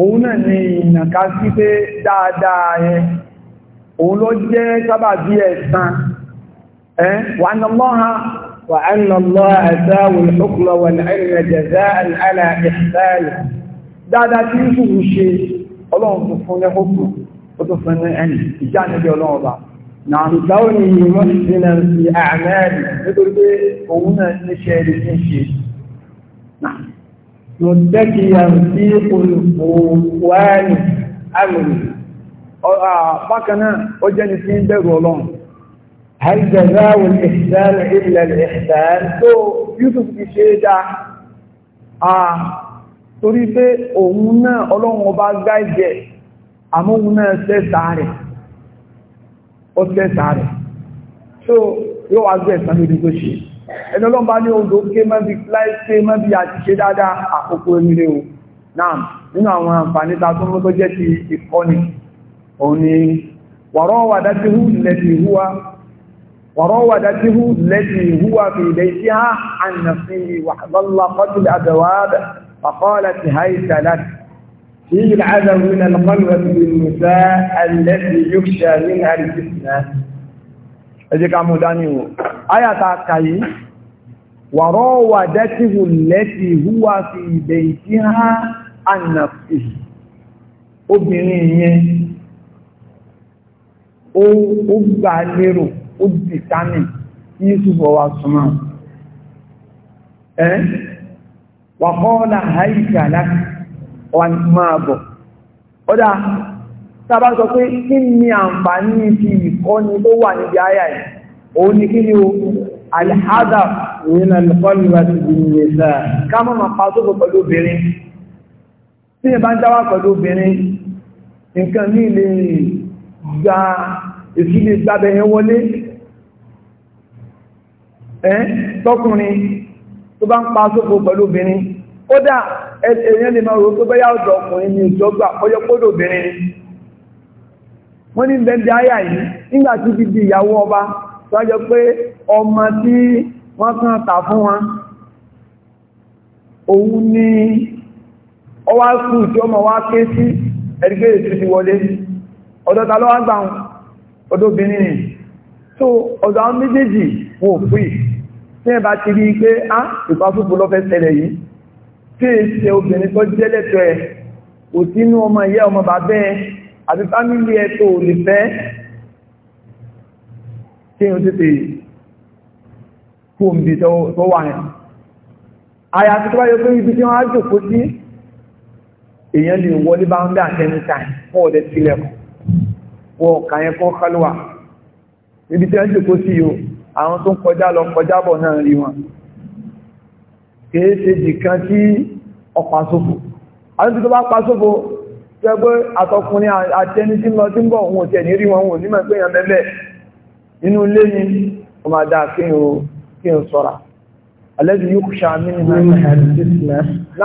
òun náà ni ìnàká sí pé dáadáa ẹ òun ló jẹ́ sábàbí ẹ̀san وأن الله وأن الله أتاه الحكم والعلم جزاء على إحسانه dáadáa tí ń fún ṣe ọlọ́run tó fún ní hókù ó tó fún ní ẹni ìjá níbi ọlọ́run bá na ìdáwò ní ìmọ̀ ìsinà sí àmẹ́rì nítorí pé òun náà ní ṣe ẹni tí ń ṣe lọ tẹ́kì àti olùkòwárì àmì bákan náà ó jẹ́ni tí ń bẹ̀rù ọlọ́run هل جزاء الإحسان إلا الإحسان tó Yusuf ti ṣe dá a torí pé òun náà ọlọ́run ọba gbá ìjẹ́ àmọ́ òun náà sẹ́sà rẹ̀ ó sẹ́sà rẹ̀ tó yóò wá gbé ẹ̀sán lórí tó ṣe ẹni ọlọ́run bá ní odò ké mẹ́bí láìsé mẹ́bí àti ṣe dáadáa àkókò onílé o náà nínú àwọn àǹfààní ta tó mọ́ tó jẹ́ ti ìkọ́ni òun ni wàrọ́ wà dájú وراودته التي هو في بيتها عن نفسه قتل الأبواب فقالت هيت لك في العذر من القلوة بالنساء التي يخشى منها الفتنة أجيك عموداني آية تاكي وراودته التي هو في بيتها عن نفسه أبنيه yẹn ó ó dì tánì tí Yusuf ọwà súnmọ́ ẹ́ wàkọ́ọ́lá haìkà láti wà máa bọ̀ ọ́dá sábà sọ pé kí ni àǹfààní ti ìkọ́ni tó wà níbi ayà ẹ̀ òun ni kí ni o alhada ìrìnà lọ́lọ́lọ́ ti bí ní ẹ̀sẹ̀ ká mọ́ máa pa pẹ̀lú obìnrin tí ẹ ń dáwà pẹ̀lú obìnrin nǹkan ní ilé gba ìfilé gbábẹ̀ wọlé ẹ́ tọkùnrin tó bá ń pa sófò pẹ̀lú obìnrin kódà èèyàn lè máa rò tó bẹ́yà ọ̀dọ̀ ọkùnrin ni ìjọgbà ọyọ́pọ̀dọ̀ obìnrin ni wọ́n ní bẹ́ndẹ̀ ayà yìí nígbà tí ìyàwó ọba tọ́jọ pé ọmọ tí fún wọn òun ni ọwá tí ọmọ wá ké sí ẹ̀rígbé ètò ti wọlé ọ̀dọ́ta lọ́wọ́ gbà ọdọ́bìnrin so ọ̀dọ̀ àwọn méjèèjì wò fún ì tí ẹ bá ti rí pé á ah, ìpáfúfú lọ́fẹ́ ṣẹlẹ̀ yìí tí è ṣe obìnrin tó jẹ́ lẹ́tọ̀ ẹ̀ kò sí inú ọmọ ìyá ọmọ bàbẹ́ ẹ àti fámílì ẹ tó lè fẹ́ kí o tètè fóòmì tó wà yẹn àyà àti tó bá yẹ pé ibi tí wọ́n á jòkó sí èèyàn lè wọlé bá ń dà tẹ́mítà fún sílẹ̀kùn wọ́n kàyẹn fún níbi tí wọ́n jòkó sí o àwọn tó ń kọjá lọ kọjá bọ̀ náà rí wọn kìí ṣe dìkan tí ọpa sófò àwọn tí tó bá pa sófò tẹ́ pé àtọkùnrin àtẹni tí lọ tí ń bọ̀ wọn tẹ̀ ní rí wọn wọn ní mọ̀ pé èèyàn bẹ́ẹ̀ inú ilé ni ó máa dáa kí n sọ́ra alẹ́bí yóò ṣàmì ní àìsàn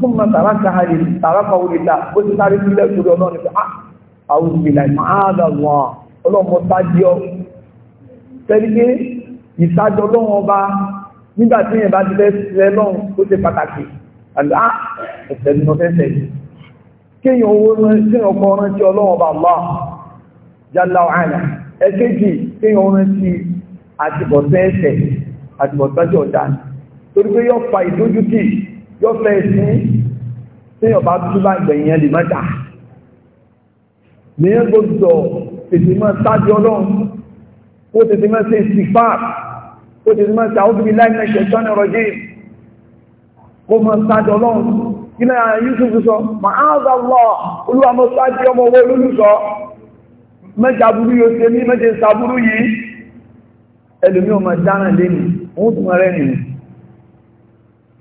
fún ma tàrà káà lè tàrà kọ̀ wòlé ta ó ti sáré sílẹ̀ sórí ọlọ́run ní pé ah àwọn òbílà ìmáàdà wọn ọlọ́mọ sájọ́ tẹ́lígé ìsájọ́ lọ́wọ́ ọba nígbà tí yẹn bá ti fẹ́ lọ́run tó ṣe pàtàkì àlá ah, ẹ̀sẹ̀ nínú fẹ́fẹ́ kéèyàn owó kéèyàn kọ́ rántí ọlọ́run ọba Allah jalla wàhálà ẹ̀kejì kéèyàn rántí àtibọ̀tẹ́ ẹ̀sẹ̀ àtibọ̀tẹ́ ọjà torí pé yóò fa ìdójútì yóò fẹ́ ìsìn tí ọba tún bá gbẹ̀yìn ẹlì mẹ́ta ní gbogbo tètè máa sáájú ọlọ́run ó tètè máa ṣe ìsìnfà ó tètè máa ṣe àwọn obìnrin láì mẹ́ṣẹ̀ sọ́nà rọ̀jì kó máa sáájú ọlọ́run kí náà Yusuf sọ màáza lọ olúwa mo sáájú ọmọ owó olólùsọ mẹ́jà burú yóò ṣe ní mẹ́jẹ̀ sábúrú yìí ẹlòmí ọmọ dáná lé mi òun tún rẹ́ nìyí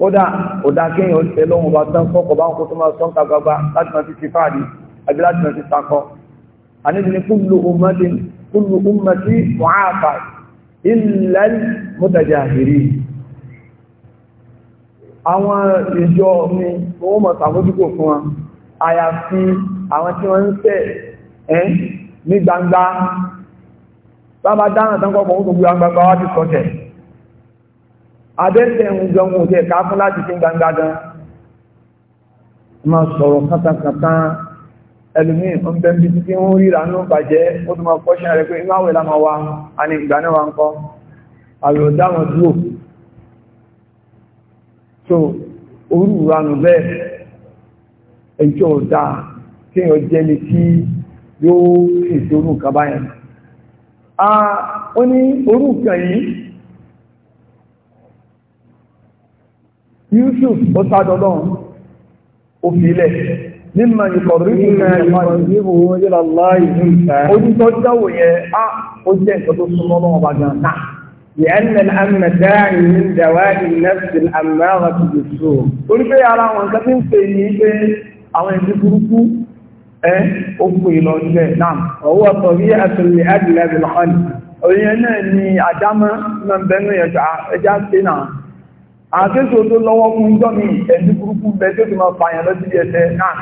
kódà kódà kéèyàn tẹ lọ́wọ́n bá tán fọ́kọ̀ bá ń kó tó máa sọ́n ká gbagba láti máa fi ti fáàdì àbí láti máa fi sakọ. àníbi ni kúlù ummati kúlù ummati mu'afa illa mutajahiri. àwọn ìjọ mi wọ́n mọ̀ sàmójúkò fún wa àyàfi àwọn tí wọ́n ń tẹ̀ ẹ́ ní gbangba. bá bá dáhùn tán kọ́kọ́ wọ́n tó gbé gbangba wá ti sọ̀tẹ̀ adẹ́sẹ̀ ń gan wọn jẹ́ ká fún láti fi gbangba gan máa sọ̀rọ̀ kátàkátà ẹlùmí ọmọdé bí títí wọ́n ríra ní bàjẹ́ ó tún máa kọ́ṣẹ́ rẹ̀ pé inú àwẹ̀ lámà wá a ní ìgbà náà wá ń kọ́ àwẹ̀ ọ̀dáwọn dúró so orú ìranù bẹ́ẹ̀ ẹjọ́ ọ̀dá kí èèyàn jẹ́ ní tí yóò fèsì orú nǹkan báyẹn ó ní orú yìí Yusuf ó sádọ lọ́run ó fi ilẹ̀ nígbà ìkọ̀rí ìrìnlẹ̀ لأن الأمن داعي من دواب النفس الأمارة بالسوء. قل في على وان كتن سيئي أو يجبركو ẹ́ ó kú ìlọ ilẹ̀ náà ọwọ́ ọ̀tọ̀rí ẹ̀sùnlẹ̀ ẹ̀dìlẹ̀ ìlọ́ọ̀lì òyìn náà ni àdámọ́ náà bẹ̀rẹ̀ ẹja ṣe àkéṣe tó lọ́wọ́ fún jọ́ mi ẹ̀sí burúkú bẹ tó ti máa fàyàn lọ síbi ẹ̀sẹ̀ náà.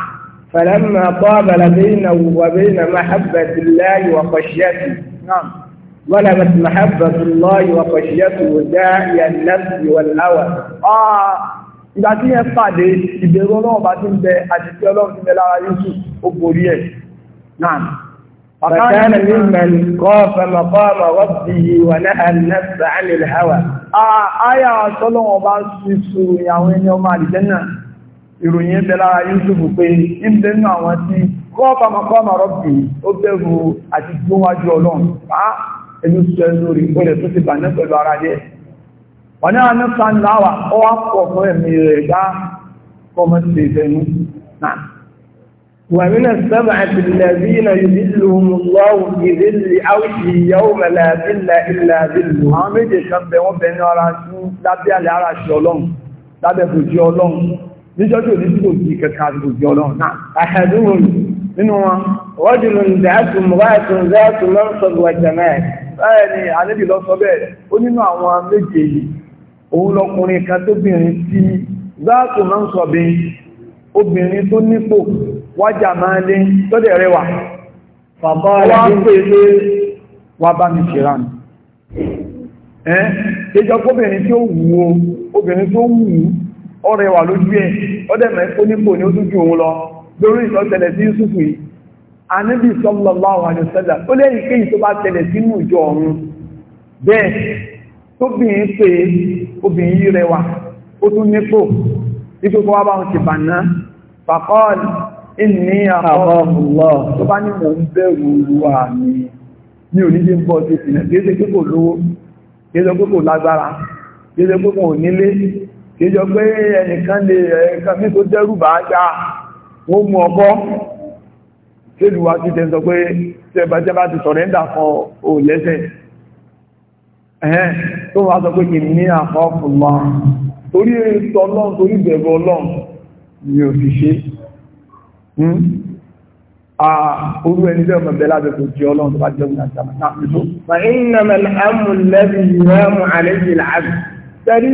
فلما قابل بينه وبين محبة الله وخشيته نعم ظلمت محبة الله وخشيته داعي náà فكان ممن خاف مقام ربه ونهى النفس عن الهوى آية ọlọ́run ọba sísù àwọn ẹni ọmọ àlìjẹ́nà ìròyìn ẹgbẹ̀ lára pé ìbẹ̀ nínú àwọn tí kọ́ọ̀pá rọ́bì ó bẹ̀rù àti gbówájú ọlọ́run pa ẹni sọ ẹnu rí pẹ̀lẹ̀ tó ti bàánẹ́ pẹ̀lú ara jẹ́ wọ́n ní àwọn ẹ̀mí rẹ̀ dá kọ́mọ́ ti ìfẹ́nu náà ومن السبعة الذين يذلهم الله في ذل عرشه يوم لا ذل إلا ذله. Àwọn méje kan bẹ wọ́n bẹ ní ara lábẹ́ àlẹ́ ara ṣe ọlọ́run, lábẹ́ kò jẹ ọlọ́run, níjọ́jọ́ ní tí kò jí kẹta kò jẹ ọlọ́run náà. Àṣàdúrùn nínú wọn, rọ́jùlùn dáàtù mùráàtùn dáàtù lọ́sọ̀rọ̀ wàjàmẹ́. Bẹ́ẹ̀ ni Ànábì lọ sọ bẹ́ẹ̀, ó nínú àwọn méje yìí, òun lọkùnrin kan tóbìnrin tí dáàtù lọ́sọ̀bìn obìnrin tó nípò wájà máa lé tọ́dẹ̀ rẹwà wá pèlé wá bá mi ṣe ránì ẹ́ ẹjọ́ kóbìnrin tí ó wù ó obìnrin tó wù ó rẹwà lójú ẹ̀ ọdẹ̀ mẹ́kó nípò ní ó tún jù òun lọ lórí ìtọ́tẹ̀lẹ̀ sí Yúsùfù yìí anábì sallallahu alaihi wasallam ó lẹ́yìn kéyìí tó bá tẹ̀lẹ̀ sínú ìjọ ọ̀run bẹ́ẹ̀ tóbìnrin pé obìnrin yìí rẹwà ó tún nípò nítorí wá bá ń ṣe bàná fàkọ́ọ̀lì ìní àkọ́ọ̀lọ́ tó bá ní mọ̀ ń bẹ̀rù olúwa mi ní oníjẹ́ ń bọ́ ti sìnà kéèsẹ́ pé kò lówó kéèsẹ́ pé kò lágbára kéèsẹ́ pé kò nílé kéèsẹ́ pé ẹnìkan lè ẹ̀ẹ̀kan mí tó dẹ́rù bá ti tẹ́ sọ fún ò lẹ́sẹ̀ ẹ̀hẹ́n tó wá sọ pé kì ní àkọ́ọ̀lọ́ torí ètò ọlọ́run torí bẹ̀rù ọlọ́run ni ò fi ṣe hmm? orú ẹni bẹ́ẹ̀ ọmọ bẹ́ẹ̀ lábẹ́ kò jẹ́ ọlọ́run tó bá jẹ́ òun àti àmàtà nìtò. mà iná mẹ́lẹ̀ ẹ̀mú lẹ́bi ìrẹ́mù àlejò làbí. sẹ́rí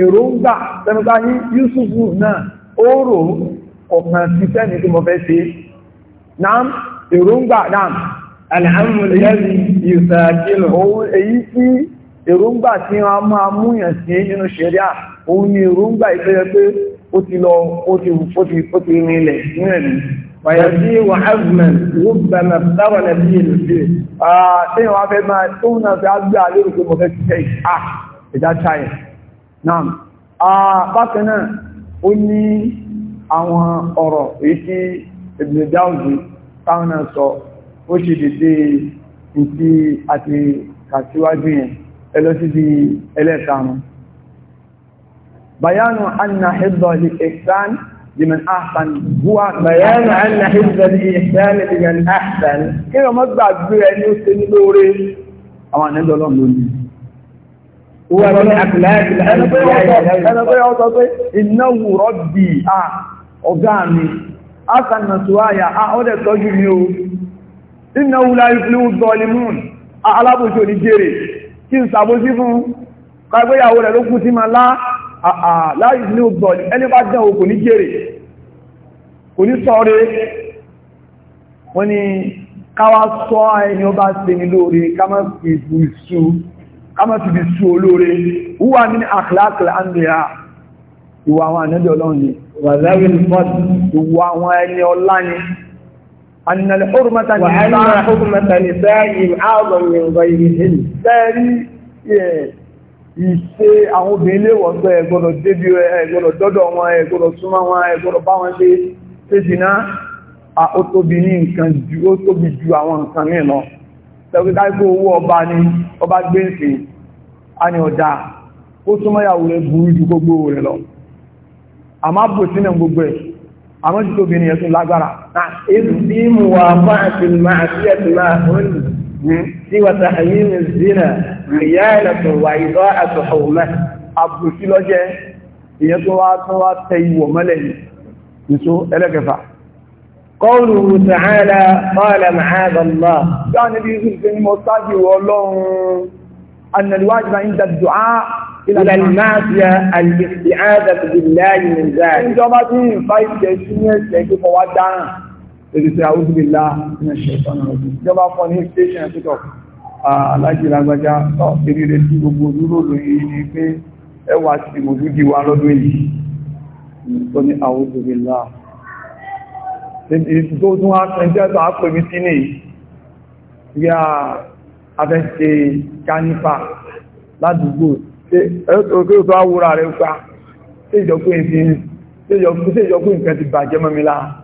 èròǹgbà tẹnuta ní Yusufu náà ó rò ọ̀kan sí sẹ́ni tí mo fẹ́ ṣe. náà èròǹgbà náà alẹ́hàmù lẹ́bi ìsàkìlù. òun èyí tí èròǹgbà tí wọ́n máa múyàn sí nínú ṣẹ̀ríà òun ni èròǹgbà ìfẹ́ ó ti lọ ó ti ó ti rinlẹ̀ nílẹ̀ ní wàyàtí wà ẹ́fùmẹ̀n wó bẹ̀rẹ̀ táwọn ẹ̀bí ìlú sí ṣéyìn wá fẹ́ máa tó ń náà fẹ́ gbé àlérò pé mo fẹ́ ṣiṣẹ́ ìṣá ìdá china náà bákan náà ó ní àwọn ọ̀rọ̀ èyí tí ìbìlẹ̀ dáwùjì táwọn náà sọ ó ṣe dédé ìtí àti kàtíwájú yẹn ẹlọ́sí bíi ẹlẹ́ẹ̀karùn-ún بيان أن حفظ الإحسان لمن أحسن هو بيان أن حفظ الإحسان لمن أحسن كده مصدع كبير أن يسن لوري أما نجد الله لوري هو من أخلاق الأنبياء أنا بيع وطفي إنه ربي ọ̀gá mi asànàtúwáyà àọ́dẹ̀ tọ́jú ní o iná wula ìfìlú gọlimún alábòsí oníjèrè kí n sàbòsí fún kagbéyàwó rẹ̀ ló kú sí láì ní ọgbọ̀n ẹni bá dán okò ní jèrè kò ní sọ́rẹ́ wọ́n ni káwà sọ ẹni ọba ṣe ní lóore kámọ́ fi bí sú olóore wúwà ní àkìlákìlá àndìyà ìwà àwọn ànẹ́bẹ̀ ọlọ́run ni wàzẹ́rin fọ́t ìwà àwọn ẹni ọlá ni annàlẹ̀ ọrùmọ́ta ní sáà ìṣe àwọn obìnrin lè wọ́n pé ẹgbọ́dọ̀ débi ẹgbọ́dọ̀ dọ́dọ̀ wọn ẹgbọ́dọ̀ súnmọ́ wọn ẹgbọ́dọ̀ bá wọn lé tẹ́jìná ó tóbi ní nǹkan ju ó tóbi ju àwọn nǹkan mìí lọ tẹ́gbẹ́gbẹ́ owó ọba ni ọba gbé ìsìn a ni ọ̀dá ó súnmọ́yàwó rẹ̀ burú ju gbogbo rẹ̀ lọ àmá bò sínú gbogbo ẹ̀ àmọ́ ti tóbi ní ẹ̀sùn lágbára سوى تحريم الزنا خيانة وإضاءة حرمة àbùsí lọ́jẹ́ ìyẹn tó wá tó wá tẹ ìwọ̀ mọ́lẹ̀ nìṣó ẹlẹ́kẹfà kọlù tààlà fààlà màádọ́lá yáà níbi ìsìnkú ní mọ́ sáàjì ọlọ́run annàlúwájúwá ń da dùá èdè tí àwọn òbí lá ní ẹ̀ṣẹ̀ ìtọ́nà ọdún ìjọba fún ní station pítọ̀ alájì lágbájá tọ́ èrí rẹ̀ sí gbogbo dúró lórí ní pé ẹwà ti mòdú di wa lọ́dún yìí tó ní àwọn òbí lá tó tún wá pẹ̀jẹ́ tó á pè mí sí ní bí a afẹ́ ṣe kánífà ládùúgbò tí ó tó á wúra rẹ̀ pa tí ìjọkú nǹkan ti bàjẹ́ mọ́ mi láà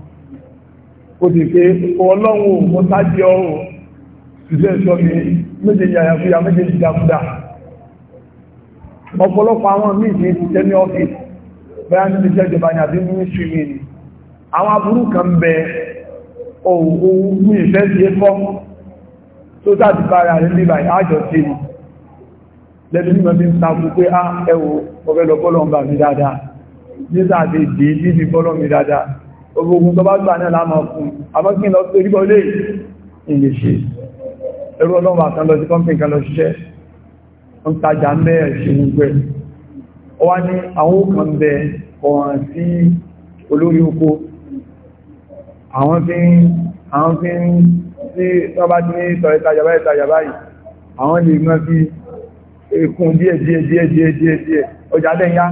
ó ke, pé ọlọ́run mo sáájú ọrùn ìṣẹ́ ìṣọ́ mi méjèèjì àyàfíà méjèèjì dákúdá ọ̀pọ̀lọpọ̀ àwọn míì ní ìṣiṣẹ́ ní ọ́fíìsì bẹ́ẹ̀ ní ìṣiṣẹ́ ìjọba ni àbí mínísírì mi ni àwọn aburú kan bẹ òun ní ìfẹ́ sí ẹ̀kọ́ tó sáàtì bára rẹ̀ níbà àjọ sí ni lẹ́nu mímọ̀ bí ń takú pé á ah, ẹwò ọ̀fẹ́ lọ bọ́lọ̀ ń bà mí dáadáa ní sáàtì dìí níbi mi dáadáa gbogbo ogun tó bá gbà náà láàmà fún àmọ́kí lọ sí orígbọ́ ilé ìlè ṣe ẹrù ọlọ́wà kan lọ sí kọ́mpín kan lọ ṣiṣẹ́ ń tajà ń bẹ́ ẹ̀ṣẹ̀ gbogbo ẹ̀ ọ wá ní àwọn kan bẹ ọ̀hàn sí olórí oko àwọn fi ń àwọn fi ń sí tọ́bá ti ní sọ ìtajà báyìí ìtajà báyìí àwọn lè mọ́ fi ekun díẹ̀ díẹ̀ díẹ̀ díẹ̀ díẹ̀ ọjà dẹ̀ yá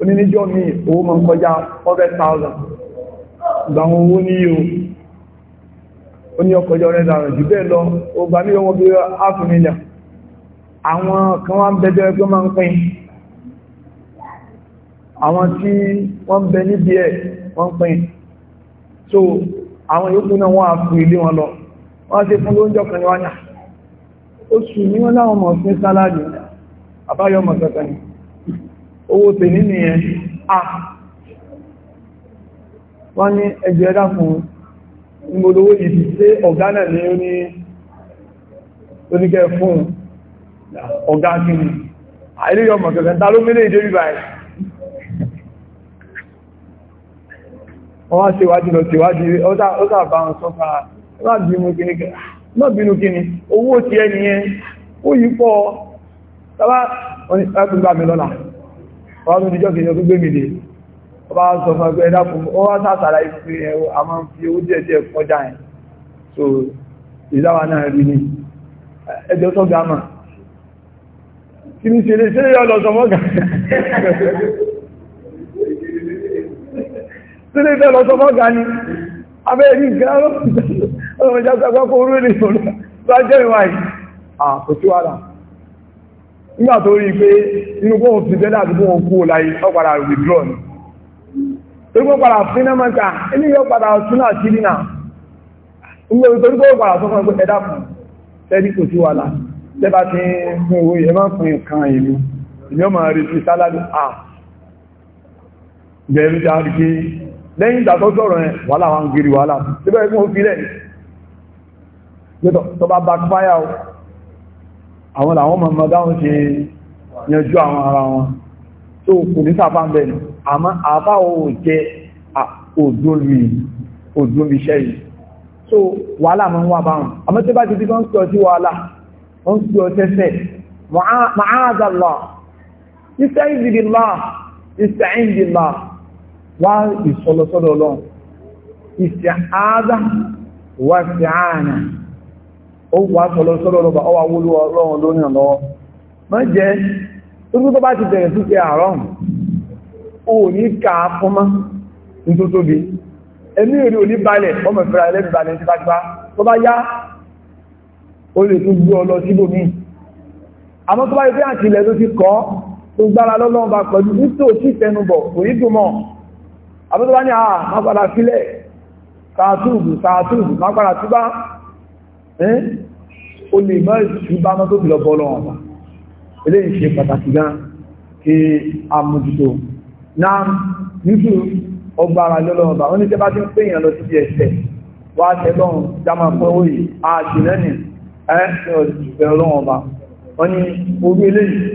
oníníjọ́ mi owó mọ́ kọjá 400,000 gbàwọn owó ní yíò ó ní ọkọ̀jọ́ rẹ̀ dàrùn jù bẹ́ẹ̀ lọ ó gbà ní ọmọ bí áfùnilẹ̀ àwọn kan wá ń bẹ́jọ́ ẹgbẹ́ máa ń pín àwọn tí wọ́n bẹ níbi ẹ̀ wọ́n pín so àwọn yòókù náà wọ́n á fún ilé wọn lọ wọ́n ṣe fún lóúnjọ́ kan ní wáyà oṣù ní wọ́n láwọn mọ̀ sí sálàdì àbáyọ mọ̀ kẹta ni owó tè nínú wọ́n ní ẹjọ́ ẹ̀dá fún ìgbòlówó ìdí tí ọ̀gá náà ní oníkẹ́ fún ọ̀gá kí ni àìlèyọ mọ̀kẹ̀kẹ́ ta ló ìdé ẹ̀ wọ́n lọ náà bínú kí ni owó ti ẹni ó yí pọ̀ ọba sọ fún ẹgbẹ́ ẹ̀dàkùn ó wá sàtàrà ìfúnfí ẹwọ a máa ń fi owó díẹ̀díẹ̀ kọjá ẹ̀ so ìdáwà náà rí ní ẹjọ́ tó gámà kí ní ṣeré ṣeré ọlọ sọ mọ́gà ṣeré ìfẹ́ lọ sọ ni nígbà tó rí pé inú ti kú láyé withdraw ni torí kó padà fún iná mọ́ta ilé yóò padà tún náà sí dínà ilé torí kó padà sọ fún ẹgbẹ́ ẹ̀dá fún tẹ́lí kò sí wàhálà tẹ́bà ti fún owó yẹ máa fún nǹkan ìlú ìlú ọmọ rẹ̀ sí sáládù à bẹ̀rù ta rí pé lẹ́yìn ìdàtọ́ sọ̀rọ̀ ẹ̀ wàhálà wa ń giri wàhálà tẹ́bà ẹ̀kún ó filẹ̀ tó backfire àwọn làwọn mọ̀mọ́ dáhùn ṣe yanjú àwọn ara wọn tó kò ní sàfáǹbẹ̀ ni àmọ́ àbá ò jẹ́ òdóbi iṣẹ́ yìí so wàhálà máa wà báwọn àmọ́ tí bá ti fi kán sọ sí wàhálà ó ń sọ tẹ́sẹ̀ ma'áàdàlá ìsẹ́yìndìlá ìsẹ́yìndìlá wá ìsọlọsọdọ̀ ọlọ́run ìsẹ́yàádá wà sí àánà ó wà sọlọsọdọ̀ ọlọ́ba ọlọ́run lónìí mọ́ jẹ́ tó bá ti bẹ̀rẹ̀ sí ṣe o ní káà fún mọ́ ní tó tóbi ẹ̀mí èrè òní balẹ̀ ọmọ ìfẹ́ra ẹlẹ́bì balẹ̀ ti bá tó bá yá o lè tún gbé ọlọ síbò míì àmọ́ tó bá yẹ pé àti ilẹ̀ tó ti kọ́ tó gbára lọ́lọ́run bá pẹ̀lú nítò sí ìfẹnubọ̀ kò ní dùn mọ́ àmọ́ tó bá ní àà má padà sílẹ̀ sàátùbù sàátùbù má padà tí bá o lè mọ́ ìṣúbá mọ́ tó bìlọ bọ́ lọ́wọ́n eléyìí ṣe pàtàkì gan kí a mójútó náà nígbù ọgbàrà lọ́lọ́ ọba ó ní tẹ́ bá ti ń pè èèyàn lọ síbi ẹ̀ṣẹ̀ wá tẹ́lọ́run dámà pẹ́wọ́ yìí ààṣì lẹ́nì ẹ̀ẹ́sẹ̀ ọ̀sẹ̀ ọlọ́run ọba wọ́n ní orí eléyìí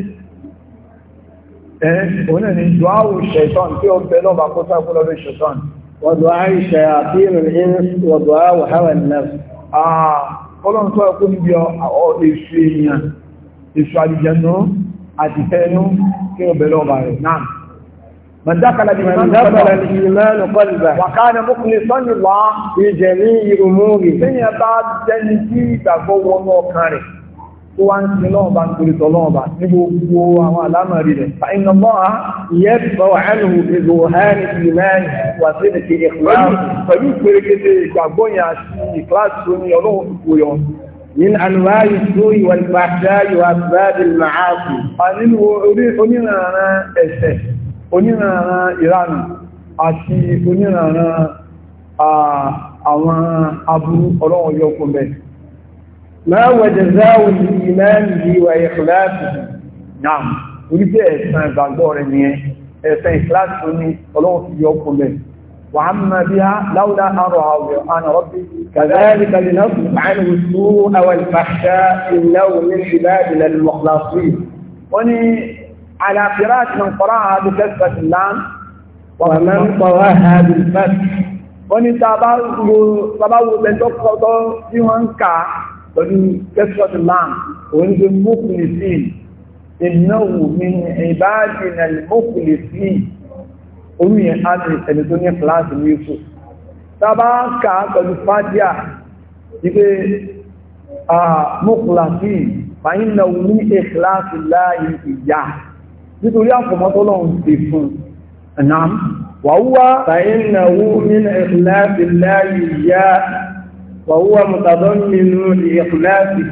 ẹ̀ẹ́ òun ní dùáwù ṣẹ̀tàn tí ó bẹ lọ́ba kó sákó lọ́bẹ̀ ṣẹ̀tàn wọ́n dùáwù ṣẹ̀ àfihàn wọ́n dùáwù hàwẹ̀ náà ọlọ́run tó ẹkú níbi èṣù èṣù من دخل الإيمان دخل الإيمان قلبه وكان مخلصا لله في جميع أموره من يبعد جنسي بقوة وكاره tó wá ń sin lọ́wọ́ bá ń torí tọ́ lọ́wọ́ bá ní gbogbo àwọn àlámọ̀rí rẹ̀. Fàìnà lọ́wọ́ yẹ bọ̀wọ̀ ẹnu ìlú ẹni ìlẹ́ni wà sí ìdíkì ìkìláàsì pẹ̀lú ìpèrèkété ìgbàgbọ́ yẹn àti ìkìláàsì tó ní ọlọ́wọ́ ìkó yọ. Nínú àlùwá ìṣó ìwà ìgbàṣá ìwà àbúrádìl màáàbù. Àníwò onírànà ẹ̀sẹ̀ oníranran ìranù àti oníranran àwọn aburú ọlọ́run yọ kún bẹ̀. máa wẹ̀dẹ̀ záwùn ìmẹ́rin ìwà ìfúláàtì náà orí bẹ́ ẹ̀sàn ìgbàgbọ́ rẹ̀ nìyẹn ẹ̀sàn ìfúláàtì ní ọlọ́run fi yọ kún bẹ̀. وعما بها لولا أرها وعن ربي كذلك لنصب عنه السوء والفحشاء إنه من عبادنا المخلصين وني على قراءة من قرأها بكسرة اللام ومن قرأها بالفتح وني تابعوا تابعوا تنتقطوا يوان كا اللام وني مخلصين إنه من عبادنا المخلصين omi yẹn á ní ẹni tó ní kíláàsì ní ìfò tábà ká pẹ̀lú fàájíà wípé mọ́kùnlá nítorí àfọ̀mọ́ tó lọ́n ti fún ẹ̀nàm wàhúwá fàínàwó nínú ìfìláàfì láàyè yá wàhúwá mùtàdọ́ nínú ìfìláàfì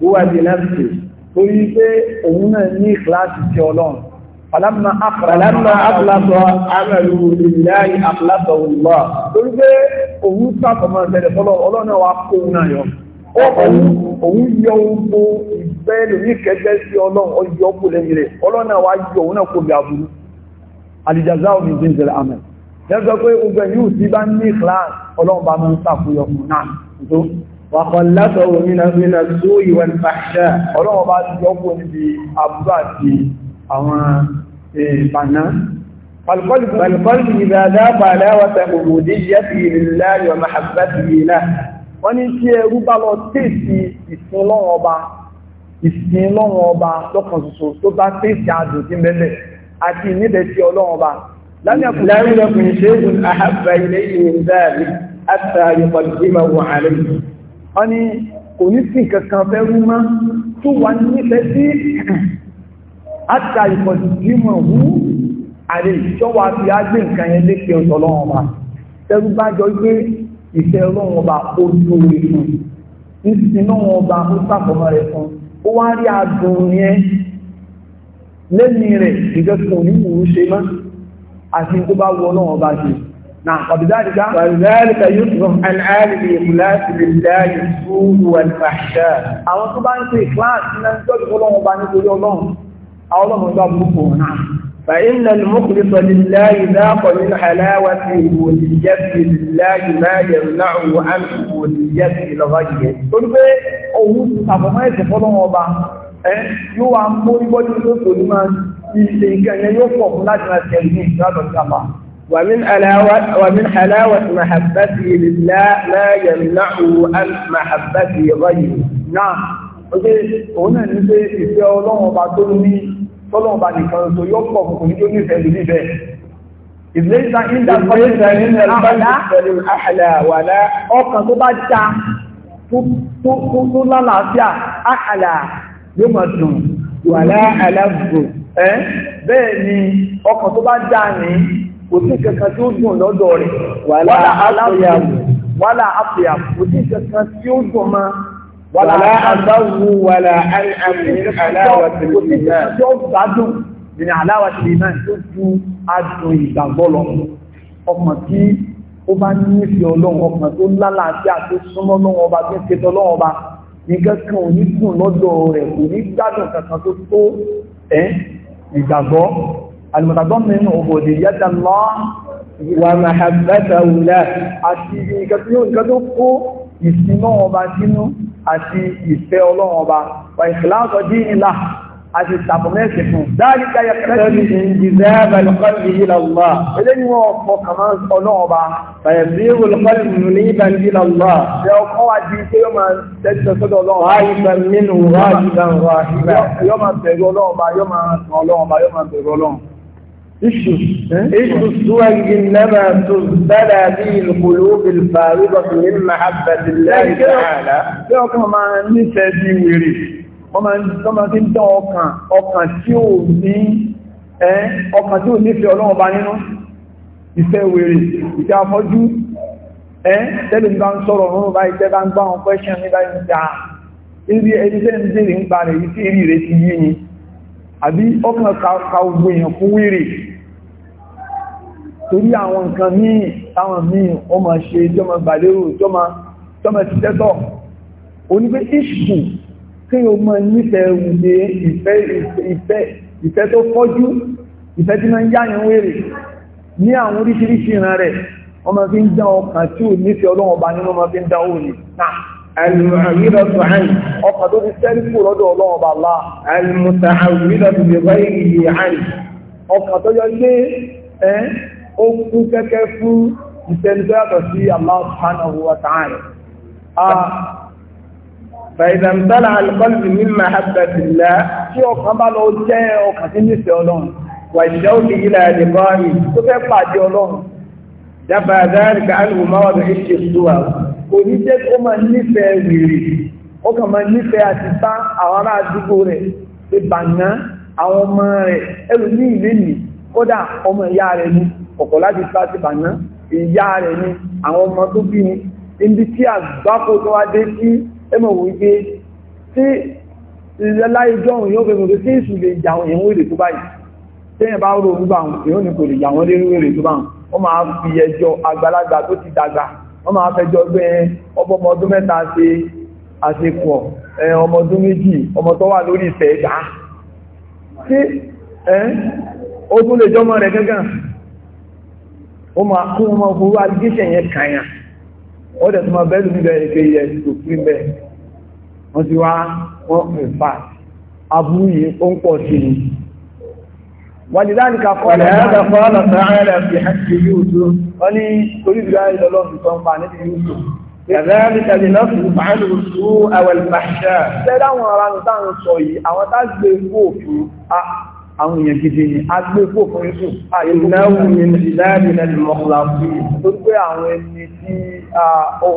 wúwà bí láti torí pé òun náà ní ìfìláàfì tí ọlọ́run falamma akhlasa amalu lillahi akhlasa Allah torí pé òun sàfọ̀mọ́ ṣẹlẹ̀ fọ́lọ́ ọlọ́run náà wá kó náà òun yọ gbogbo ìfẹ́ lórí kẹgbẹ́ sí ọlọ́run ọjọ́ kò lẹ́yìn rẹ̀ ọlọ́run náà wá yọ òun náà kò bí aburú alìjàzá omi zinzil amen lẹ́gbẹ́ pé ogun yóò tí bá ní class ọlọ́run bá máa ń sàkóyọ fún náà tó wàkọ̀látọ̀ òmìnà fínà tó فالقلب إذا ذاب علاوة عبوديته لله ومحبته له wọ́n ní tí ẹrú bá lọ tèsì ìsìn lọ́wọ́ ọba ìsìn lọ́wọ́ ọba lọ́kàn ṣoṣo tó bá tèsì àdùn sí mẹ́lẹ̀ àti ìníbẹ̀ sí ọlọ́wọ́ ọba. lẹ́yìn ẹkùn ìṣègùn àhàbà ilé ìwé bẹ́ẹ̀rì àti àyùpàdùsímọ̀ wọ̀ àrẹ. wọ́n ní kò ní sí kankan fẹ́ rú mọ́ tó wà nífẹ̀ẹ́ sí àti àyùpàdùsímọ̀ wú àrẹ ìṣọ́wọ́ àti àgbẹ̀ nǹkan yẹn lékè ọ̀tọ̀ lọ́wọ́ ọba. tẹ́rú bá jọ gbé ìfẹ́ ọlọ́run ọba ó dúró fún un ìsinú ọba ó sàkómọ́ rẹ̀ fún un ó wá rí adùn yẹn lẹ́yìn rẹ̀ ìjọsìn oníwòrú ṣe mọ́ àti tó bá wọ ọlọ́run ọba ṣe وبذلك وذلك يصبح العالم بإخلاص بالله السوء والفحشاء àwọn tó bá ń ṣe ìkláàsì náà ń tọ́jú ọlọ́run ọba nítorí ọlọ́run àwọn ọlọ́run ọba burúkú náà فإن المخلص لله ذاق من حلاوة عبوديته لله ما يمنعه عن عبوديته لغيره. Torípé òun àbọ̀mọ́ ẹ̀sẹ̀ fọ́lọ́ ọba ẹ yóò wá mú ibọ́jú tó kò ní máa ti ṣe nǹkan yẹn yóò pọ̀ fún láti máa tẹ̀lé ní ìjọba ìjọba. ومن حلاوة ومن حلاوة محبته لله ما يمنعه عن محبته غيره. Náà, ó ṣe òun náà ní ṣe ìfẹ́ ọlọ́run ọba tó ní tọ́lọ́wọ́n bá nìkan ṣoṣo yóò pọ̀ fún kòní tó nífẹ̀ẹ́ lórí bẹ́ẹ̀. ìlẹ́sà ìdá ìlẹ́sà ìlẹ́sà àhàlà àhàlà wàlá ọkàn tó bá já tó lálàáfíà àhàlà yóò máa dùn wàlá àlàbò ẹ́ bẹ́ẹ̀ ni ọkàn tó bá já ní kò sí kankan tí ó dùn lọ́dọ̀ rẹ̀ wàlá àlàbò wàlá àpòyàwó kò sí wàlá àdáwù wàlá àìmọ̀ aláwà tìlú ìmọ̀ tí ó gbádùn ìrìn aláwà tìlú ìmọ̀ tó ju adùn ìgbàgbọ́ lọ ọkàn tí ó bá ní ìfẹ́ ọlọ́run ọkàn tó lálàáfíà tó súnmọ́ lọ́wọ́ ọba tó ń ṣe tọ́lọ́wọ́ ọba nǹkan kan ò ní kùn lọ́dọ̀ rẹ̀ kò ní gbádùn kankan tó tó ẹ́ ìgbàgbọ́ alìmọ̀tàgbọ́ mẹ́rin òbòdì yàtà lọ àti ìfẹ́ ọlọ́run ọba wà ìfìláàtọ̀ dí ìlà àti ìtàbọ̀mẹ́sì fún dáríkà yàtẹ́lì ìjìzẹ́bẹ̀ lọ́kọ́lì ìlàlá eléyìí wọ́n fọkànmọ́ ọlọ́run ọba fàyẹ̀bí olùkọ́lì ní ìbẹ̀lì ìlàlá ṣe ọkọ́ wa di pé yọ́ máa tẹ́jọ sọ́dọ̀ ọlọ́run ráyìnbẹ̀ nínú ráyìnbẹ̀ yọ́ máa bẹ̀rù ọlọ́run ọba yọ́ إشت السوي إنما تبتلى به القلوب الفارغة من محبة الله تعالى. Lọ́kàn máa ń nífẹ̀ẹ́ bí wèrè, wọ́n máa ti ń dán ọkàn, ọkàn tí ó ní ẹ́ ọkàn tí ó nífẹ̀ẹ́ Ọlọ́run bá nínú, ìfẹ́ wèrè, ìfẹ́ afọ́jú, ẹ́ tẹ́lẹ̀ bá ń sọ̀rọ̀ ọ̀run bá ìtẹ́ bá ń gbá wọn pẹ́ṣẹ́ ní bá ń ta. Ibi ẹni tẹ́ ń dèrè ń parẹ̀ yìí sí ìrì rẹ̀ ti yí ni. Àbí ọkàn ka ogun èèyàn fún wèrè torí àwọn nǹkan míì táwọn míì o ma ṣe jọmọ gbàlérò jọmọ títẹ́tọ̀ onígbé ìṣù tí o ma nífẹ̀ẹ́ wùdé ìfẹ́ tó fọ́jú ìfẹ́ tí ma ń yáyàn wèrè ní àwọn oríṣiríṣi ìran rẹ̀ ma fi ń dán ọkàn tí ò nífẹ̀ẹ́ nínú ma fi ń dán òní المعوذة عنه وقد تستلف رد ó kú kẹ́kẹ́ fún ìsẹ́ntẹ́yàtọ̀ sí Allah subhanahu wa ta'ala fàìdàmtàlà alìkọ́lù ní mahabbatillah tí ọkàn bá lọ jẹ́ ọkàn sí nífẹ̀ẹ́ ọlọ́run wà ìṣẹ́wò kì í láàrín ẹ̀kọ́ yìí tó fẹ́ pàdé ọlọ́run dábà dáàrí ká alùpùpù máa wà lórí ṣe ṣùgbọ́n kò ní jẹ́ kó máa nífẹ̀ẹ́ wèrè ó ọmọ rẹ̀ ẹlòmíì lè ọ̀kọ̀ láti sáti bàná ìyá rẹ̀ ni àwọn ọmọ tó bí ni ibi tí àgbákò tó wá dé sí ẹmọ̀ wípé tí láìjọ́ òun yóò fẹ́mọ̀ tí ìṣù lè jà àwọn èèyàn wèrè tó báyìí tẹ́yìn bá rò nígbà àwọn èèyàn ní kò lè jà wọ́n lé wèrè tó báyìí wọ́n máa fi ẹjọ́ àgbàlagbà tó ti dàgbà wọ́n máa fẹjọ́ gbé ọmọ ọdún mẹ́ta ṣe àṣepọ̀ ọmọ ọdún méjì ọmọ tó wà lórí ìfẹ́ ẹ̀dá tí ó tún lè jọmọ rẹ̀ gángan ó máa kó ọmọ òfurú allegation yẹn kàyàn ó dẹ̀ tó máa bẹ́ẹ̀ lómi bẹ́ẹ̀ pé yẹ kò fi bẹ́ẹ̀ wọ́n ti wá wọ́n in fact aburú yìí ó ń pọ̀ sí ni ولذلك قال هذا قال تعالى في حق يوسف ولي تريد لا اله الا الله سبحانه يوسف كذلك لنصرف عنه السوء والفحشاء سلام ورانتان صوي او تاسبه فوفي àwọn èèyàn gidi ni a gbé fò fún Yusuf ìnáwó ìlànà ìmọ̀kùlàfí tó pé àwọn ẹni tí ó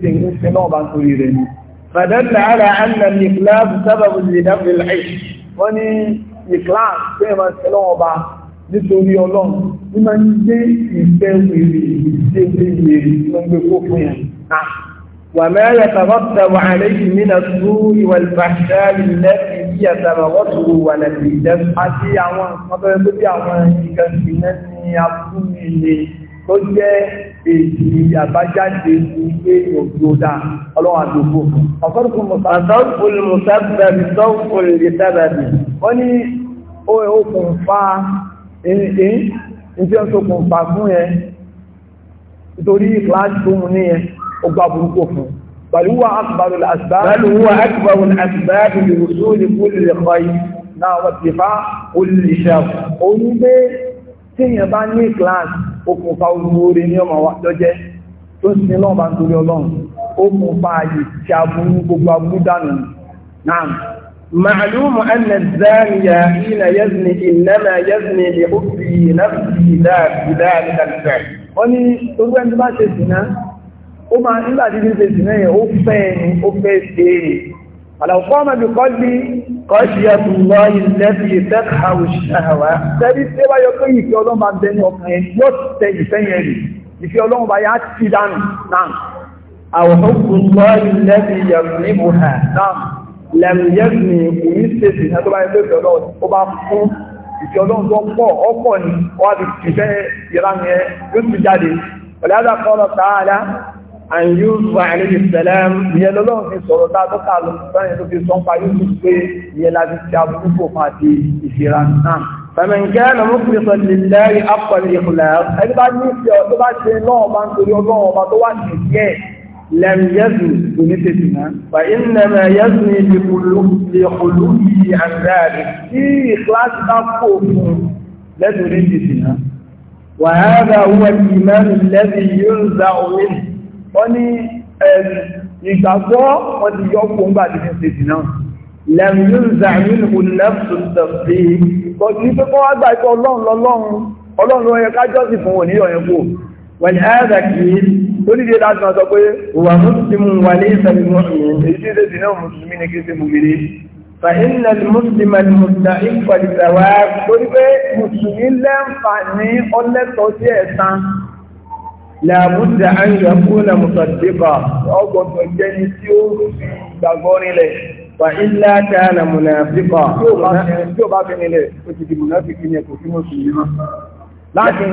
ti ń fi náà bá ń torí rẹ̀ ni fàdánà ara anna niklas sábàbù ìdáfẹ́ láìsí wọ́n ní niklas pé ma ṣe وما يترتب عليه من السوء والفحشاء الذي هي ثمرته ونتيجته àti àwọn nǹkan tó yẹ kó bí àwọn nǹkan ìṣìnà ni abúlé tó jẹ́ èdè àbájáde ní ilé òjòdà ọlọ́wà àdúgbò. ọ̀sọ́rùkùn mùsàbẹ̀bì sọ́rùkùn ìrìsàbẹ̀bì wọ́n ní okùnfà ìrìnkí tí ó sokùnfà fún ẹ nítorí ìkláàsì tó mú ní ẹ ó gbá burúkú fún bal huwa akbaru al-asbab bal huwa akbaru al-asbab li wusuli kulli khayr náà wọ́n ti fa kulli sharr òun gbé tíyàn bá ní kíláàsì okùnfà olúorí ní ọmọ wa lọ́jẹ́ tó ń sin lọ́wọ́ bá ń torí ọlọ́run okùnfà ààyè tí a burú gbogbo aburú dànù náà معلوم أن الزانية حين يزني إنما يزني لحبه نفسه ذلك الفعل. wọ́n ní orúkọ ẹni bá ṣe sìnà ó máa nígbà tí ṣe sí náà ó fẹ́ ẹni ó fẹ́ ṣe é àlàkọ́ ọmọ bí kọ́ bí kọ́ ṣe ẹkùn lọ ilẹ̀ fi ìfẹ́ kàwé ṣàwá tẹ́bí tí ó bá yọ pé ìfẹ́ ọlọ́run bá ń bẹ ní ọkàn ẹni yóò tẹ ìfẹ́ yẹn rì ìfẹ́ ọlọ́run bá yá ti dànù náà àwòkùn lọ ilẹ̀ fi yẹ̀rù ní bùhà náà lẹ́rù yẹ̀rù ní òní ṣèṣì náà tó bá yẹ pé ìfẹ́ ọlọ́run ó bá fún ìfẹ́ ọlọ́run tó pọ̀ ọ̀pọ̀ ni wọ́n ti fẹ́ ìranù yóò ti jáde ọ̀lẹ́ and Yusuf alayhi salam ìyẹn lọ́lọ́run fi sọ̀rọ̀ tá a tó kà lóṣù sẹ́yìn tó fi sọ pa Yusuf pé ìyẹn láti ṣe àbúrú kò máa di ìṣera náà. Fẹ̀mẹ̀ ń kẹ́ ẹ̀nà mú fi sọ lílẹ̀ àpọ̀lì ìkùlẹ̀ ẹni bá ní ìṣẹ́ tó bá ṣe náà máa ń torí ọlọ́run ọba wọ́n ní ìgbàgbọ́ wọ́n ti yọ kó ń gbà ní ṣèṣì náà lẹ́nu yóò zàmín olùlẹ́fù tẹ̀sí kò sí pé kọ́ wá gbà ikọ́ ọlọ́run lọ́lọ́run ọlọ́run ló yẹ kájọ́ sì fún òní ọ̀yẹ́ kò wọ́n ẹ́ẹ̀dà kì í tó nídìí láti máa sọ pé òwà mùsùlùmí wà ní ìsẹ̀mí mùsùlùmí èyí tí ìrètí náà mùsùlùmí ni kí ṣe mùgbèrè fàínà mùsùlùmí mùsùlùmí ìpàdé tàwa torí pé mùsùlùmí lẹ́ǹfà ní ọlẹ́tọ̀ọ́ sí ẹ̀sán làbúdà àyà kúnà mùsàdébà ọgbọ̀gbọ̀ jẹni tí ó gbàgbọ́ nílẹ̀ wà ilá tààlà mùnàfíkà tí ó bá fi nílẹ̀ ó ti di mùnàfíkì ní ẹ̀kọ́ fí mùsùlùmí لكن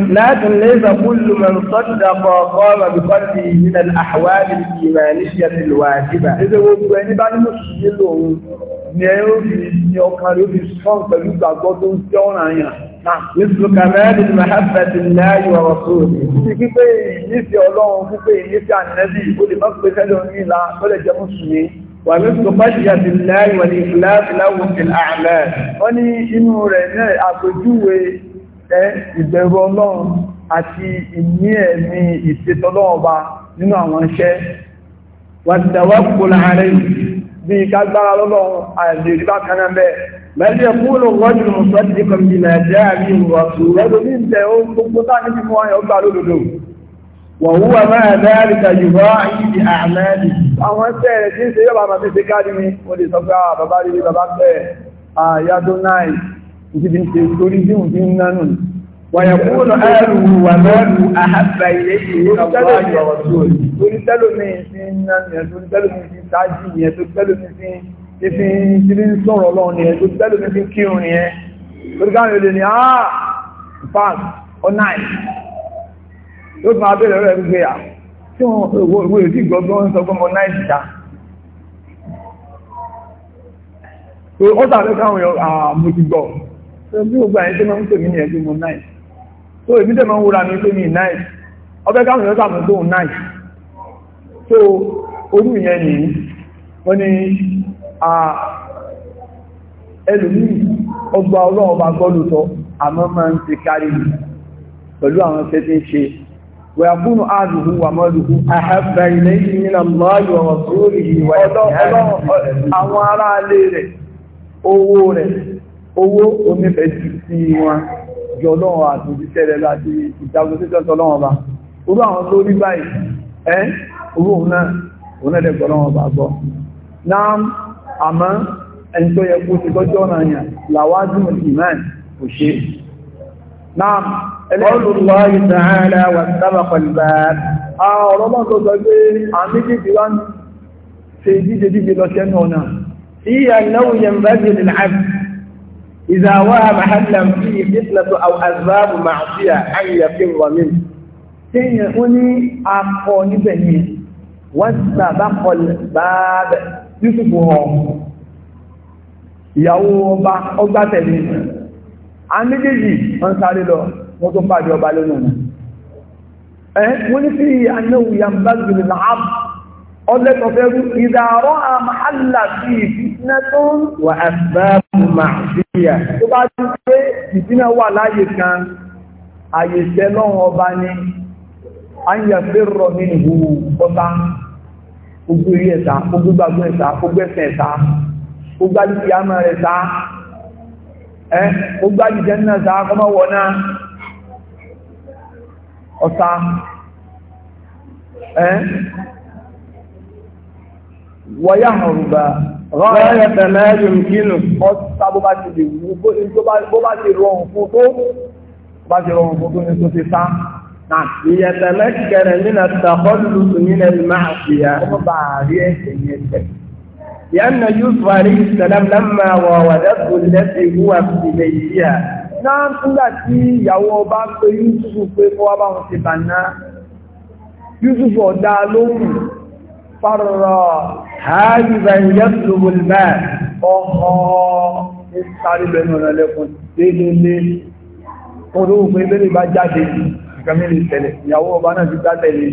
ليس كل من صدق قام بقلبه من الأحوال الإيمانية الواجبة. إذا وجدني بعد مسلم ni ẹ ó fi ní ọkàn rẹ̀ ó fi sọ́n pẹ̀lú gbàgbọ́ tó ń tẹ́ ọ̀ràn àyàn. Nítorí kàmẹ́rin ní Mahabbat Láyé ọ̀rọ̀ tó rí. Ti pípé ìyíṣẹ́ Ọlọ́run pípé ìyíṣẹ́ ànẹ́bí ó lè má pé sẹ́lẹ̀ onílà tó lè jẹ́ Mùsùlùmí. Wà nítorí Bájíyà ti láyé wà ní ìfìláàfì láwọn òfin àmẹ́. Wọ́n ní inú rẹ̀ náà àpèjúwe ìbẹ̀rù Ọlọ́run àti ìní ẹ̀mí ìṣètọ́lọ́ọba nínú àwọn iṣẹ́. Wà bí i kágbára lọ́lọ́ àìlèrí bá kaná bẹ́ mẹ́lẹ́ fún òwọ́dún mùsọ́dún kan bí nàìjíríà rí ìwọ̀sù lọ́dún ní ìbẹ̀ ohun gbogbo tá ní fífún ayọ̀ gbà lódodo wọ̀n wúwa máa dáàrí kàjùbọ́ àyíkì àmẹ́lì àwọn ẹsẹ̀ rẹ̀ tí ń ṣe yọba àmàfi ṣe ويكون أهله وماله أحب إليه من الله ورسوله تلو من سنة تلو من تعزية تلو من ìfin tí ń sọ̀rọ̀ ọlọ́run ni ẹ̀ tó tẹ́lù ní fi kírun ni ẹ̀ lórí káàrin olè ni àà fag ọ̀nàì ló fún abẹ́rẹ̀ rẹ̀ gbé à tí wọ́n owó èdè gbọ́gbọ́n sọ gbọ́mọ náì síta ó sàbẹ́ káwọn àmójúgbọ́ tí ó gbà ẹ̀ tí wọ́n ń pè mí ní ẹgbẹ́ mọ náì so èmi tẹ̀ máa ń wúra mi pé mi náì ọbẹ̀ káwọn èèyàn sàmù tó náì so orú ìyẹn ni wọ́n ni ẹlòmí ọgbà ọlọ́run ọba gọ́lù sọ àmọ́ máa ń ti kárí pẹ̀lú àwọn tẹ́ tí ń ṣe ويكون آله وماله أحب إليه من الله ورسوله àwọn ará ilé rẹ̀ owó rẹ̀ owó onífẹ̀ẹ́ sí wọn ọ̀dọ̀ ọlọ́run àti òjíṣẹ́ rẹ̀ láti ìjagun sí tọ́tọ́ ọlọ́run ọba orú àwọn tó rí báyìí ẹ́ orú òun náà òun náà lẹ́gbọ́ ọlọ́run ọba gbọ́ náà àmọ́ ẹni tó yẹ kó ti tọ́jú ọ̀nà yàn làwájú ìmáà kò ṣe náà Ọlùlọ́yì tààlà wà sábà pẹ̀lú ọ̀rọ̀ mọ́ tó sọ pé àmì jíjì wá ń ṣe jíjì jíjì lọ sẹ́nu ọ̀nà. Ìyà náà yẹn bá jẹ́ إذا وهب حلا فيه فتنة أو أسباب معصية أن يفر منه kéèyàn ó ní akọ níbẹ̀ ni wọ́n sà bá kọlẹ̀ báábẹ̀ yusufu hàn ìyàwó ọba ọgbà tẹ̀lé a méjèèjì wọ́n sáré lọ wọ́n tó pàdé ọba lónà ẹ̀ wọ́n ní sí anáwó yàmbá jùlọ náà ọlẹ́tọ̀fẹ́rú ìdàrọ́ àmàlà sí ìfí fìtínà tó bá ti pé wà láyé kan àyèṣẹ́ lọ́wọ́ ọba ní ayàfẹ́ ọba gbogbo ẹ̀ta gbogbo gbàgbọ́ ẹ̀ta gbogbo ẹ̀sẹ̀ ẹ̀ta gbogbo àdìsí ta ta ọ̀ta Rọ́ọ̀yẹ̀ tẹ̀lẹ́ yòmkínù. Ọ́ta bó bá ti lè wú, bó bá ti rọrùn fún tó, bá ti rọrùn fún tó ní tó ti sá. Ìyẹ̀ tẹ̀lẹ́ kẹrẹ̀ nínà tàkọ́lù nínà máa fi yà. Ó bá rí ẹ̀sẹ̀ yẹn tẹ̀. لأن يوسف عليه السلام لما واودته التي هو في بيتها نعم كلا تي ياو با يوسف pé kó wá bá wọn ṣe bàná Yusuf ọ̀dá lóhùn فرا هاربا يطلب الماء ọ̀họ̀ ìsáré bẹnu ọ̀nà lẹ́kùn délélé olóògbé bẹ́rẹ̀ bá jáde ìkàmílì tẹ̀lẹ̀ ìyàwó ọba náà ti dá tẹ̀lé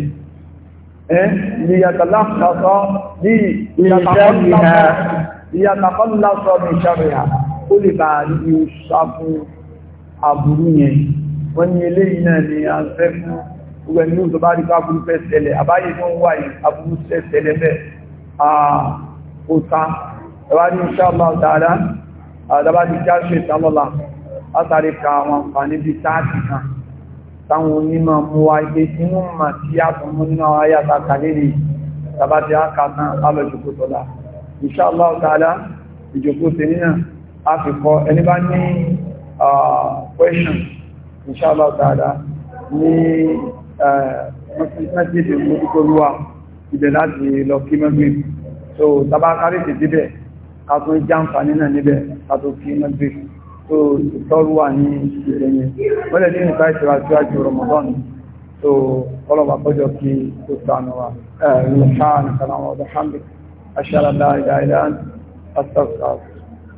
ẹ́ ni yàtàláfàṣọ́ ní ìyàtàkọ́lásọ́ ní ìṣàrìyà ó lè bá ní ìṣàfún àbúrú ni a fẹ́ fún gbogbo ẹni tó bá rí bá burú fẹ́ ṣẹlẹ̀ àbáyé tó ń wà yìí aburú fẹ́ ṣẹlẹ̀ bẹ́ẹ̀ àkóta ẹwà ní ṣáàlá dáadáa àdábá ti já ṣe ìtàlọ́la látàrí ka àwọn àǹfààní bíi táàtì kan táwọn onímọ̀ mú wa ike inú mà tí a tún mú nínú àwọn ayáta kàlérí tàbá ti á ka tán lálọ́ ìjòkó tọ́lá ìṣáàlá dáadáa ìjòkó tèmi náà a fi kọ ẹni bá ní question ìṣáàlá dáadáa ní mẹ́sìlẹ̀ mọ́tíkọlúwà ibẹ̀ láti lọ kí mẹ́gbìn so tàbá kárí ti díbẹ̀ kàtún jáǹfà nínà níbẹ̀ kàtún kí mẹ́gbìn so tọ́lúwà ní ìrẹ̀yìn mọ́lẹ̀ ní ìgbà ìṣẹ́wà tí wájú Ramadan so ọlọ́wà kọjọ kí tó sànù wa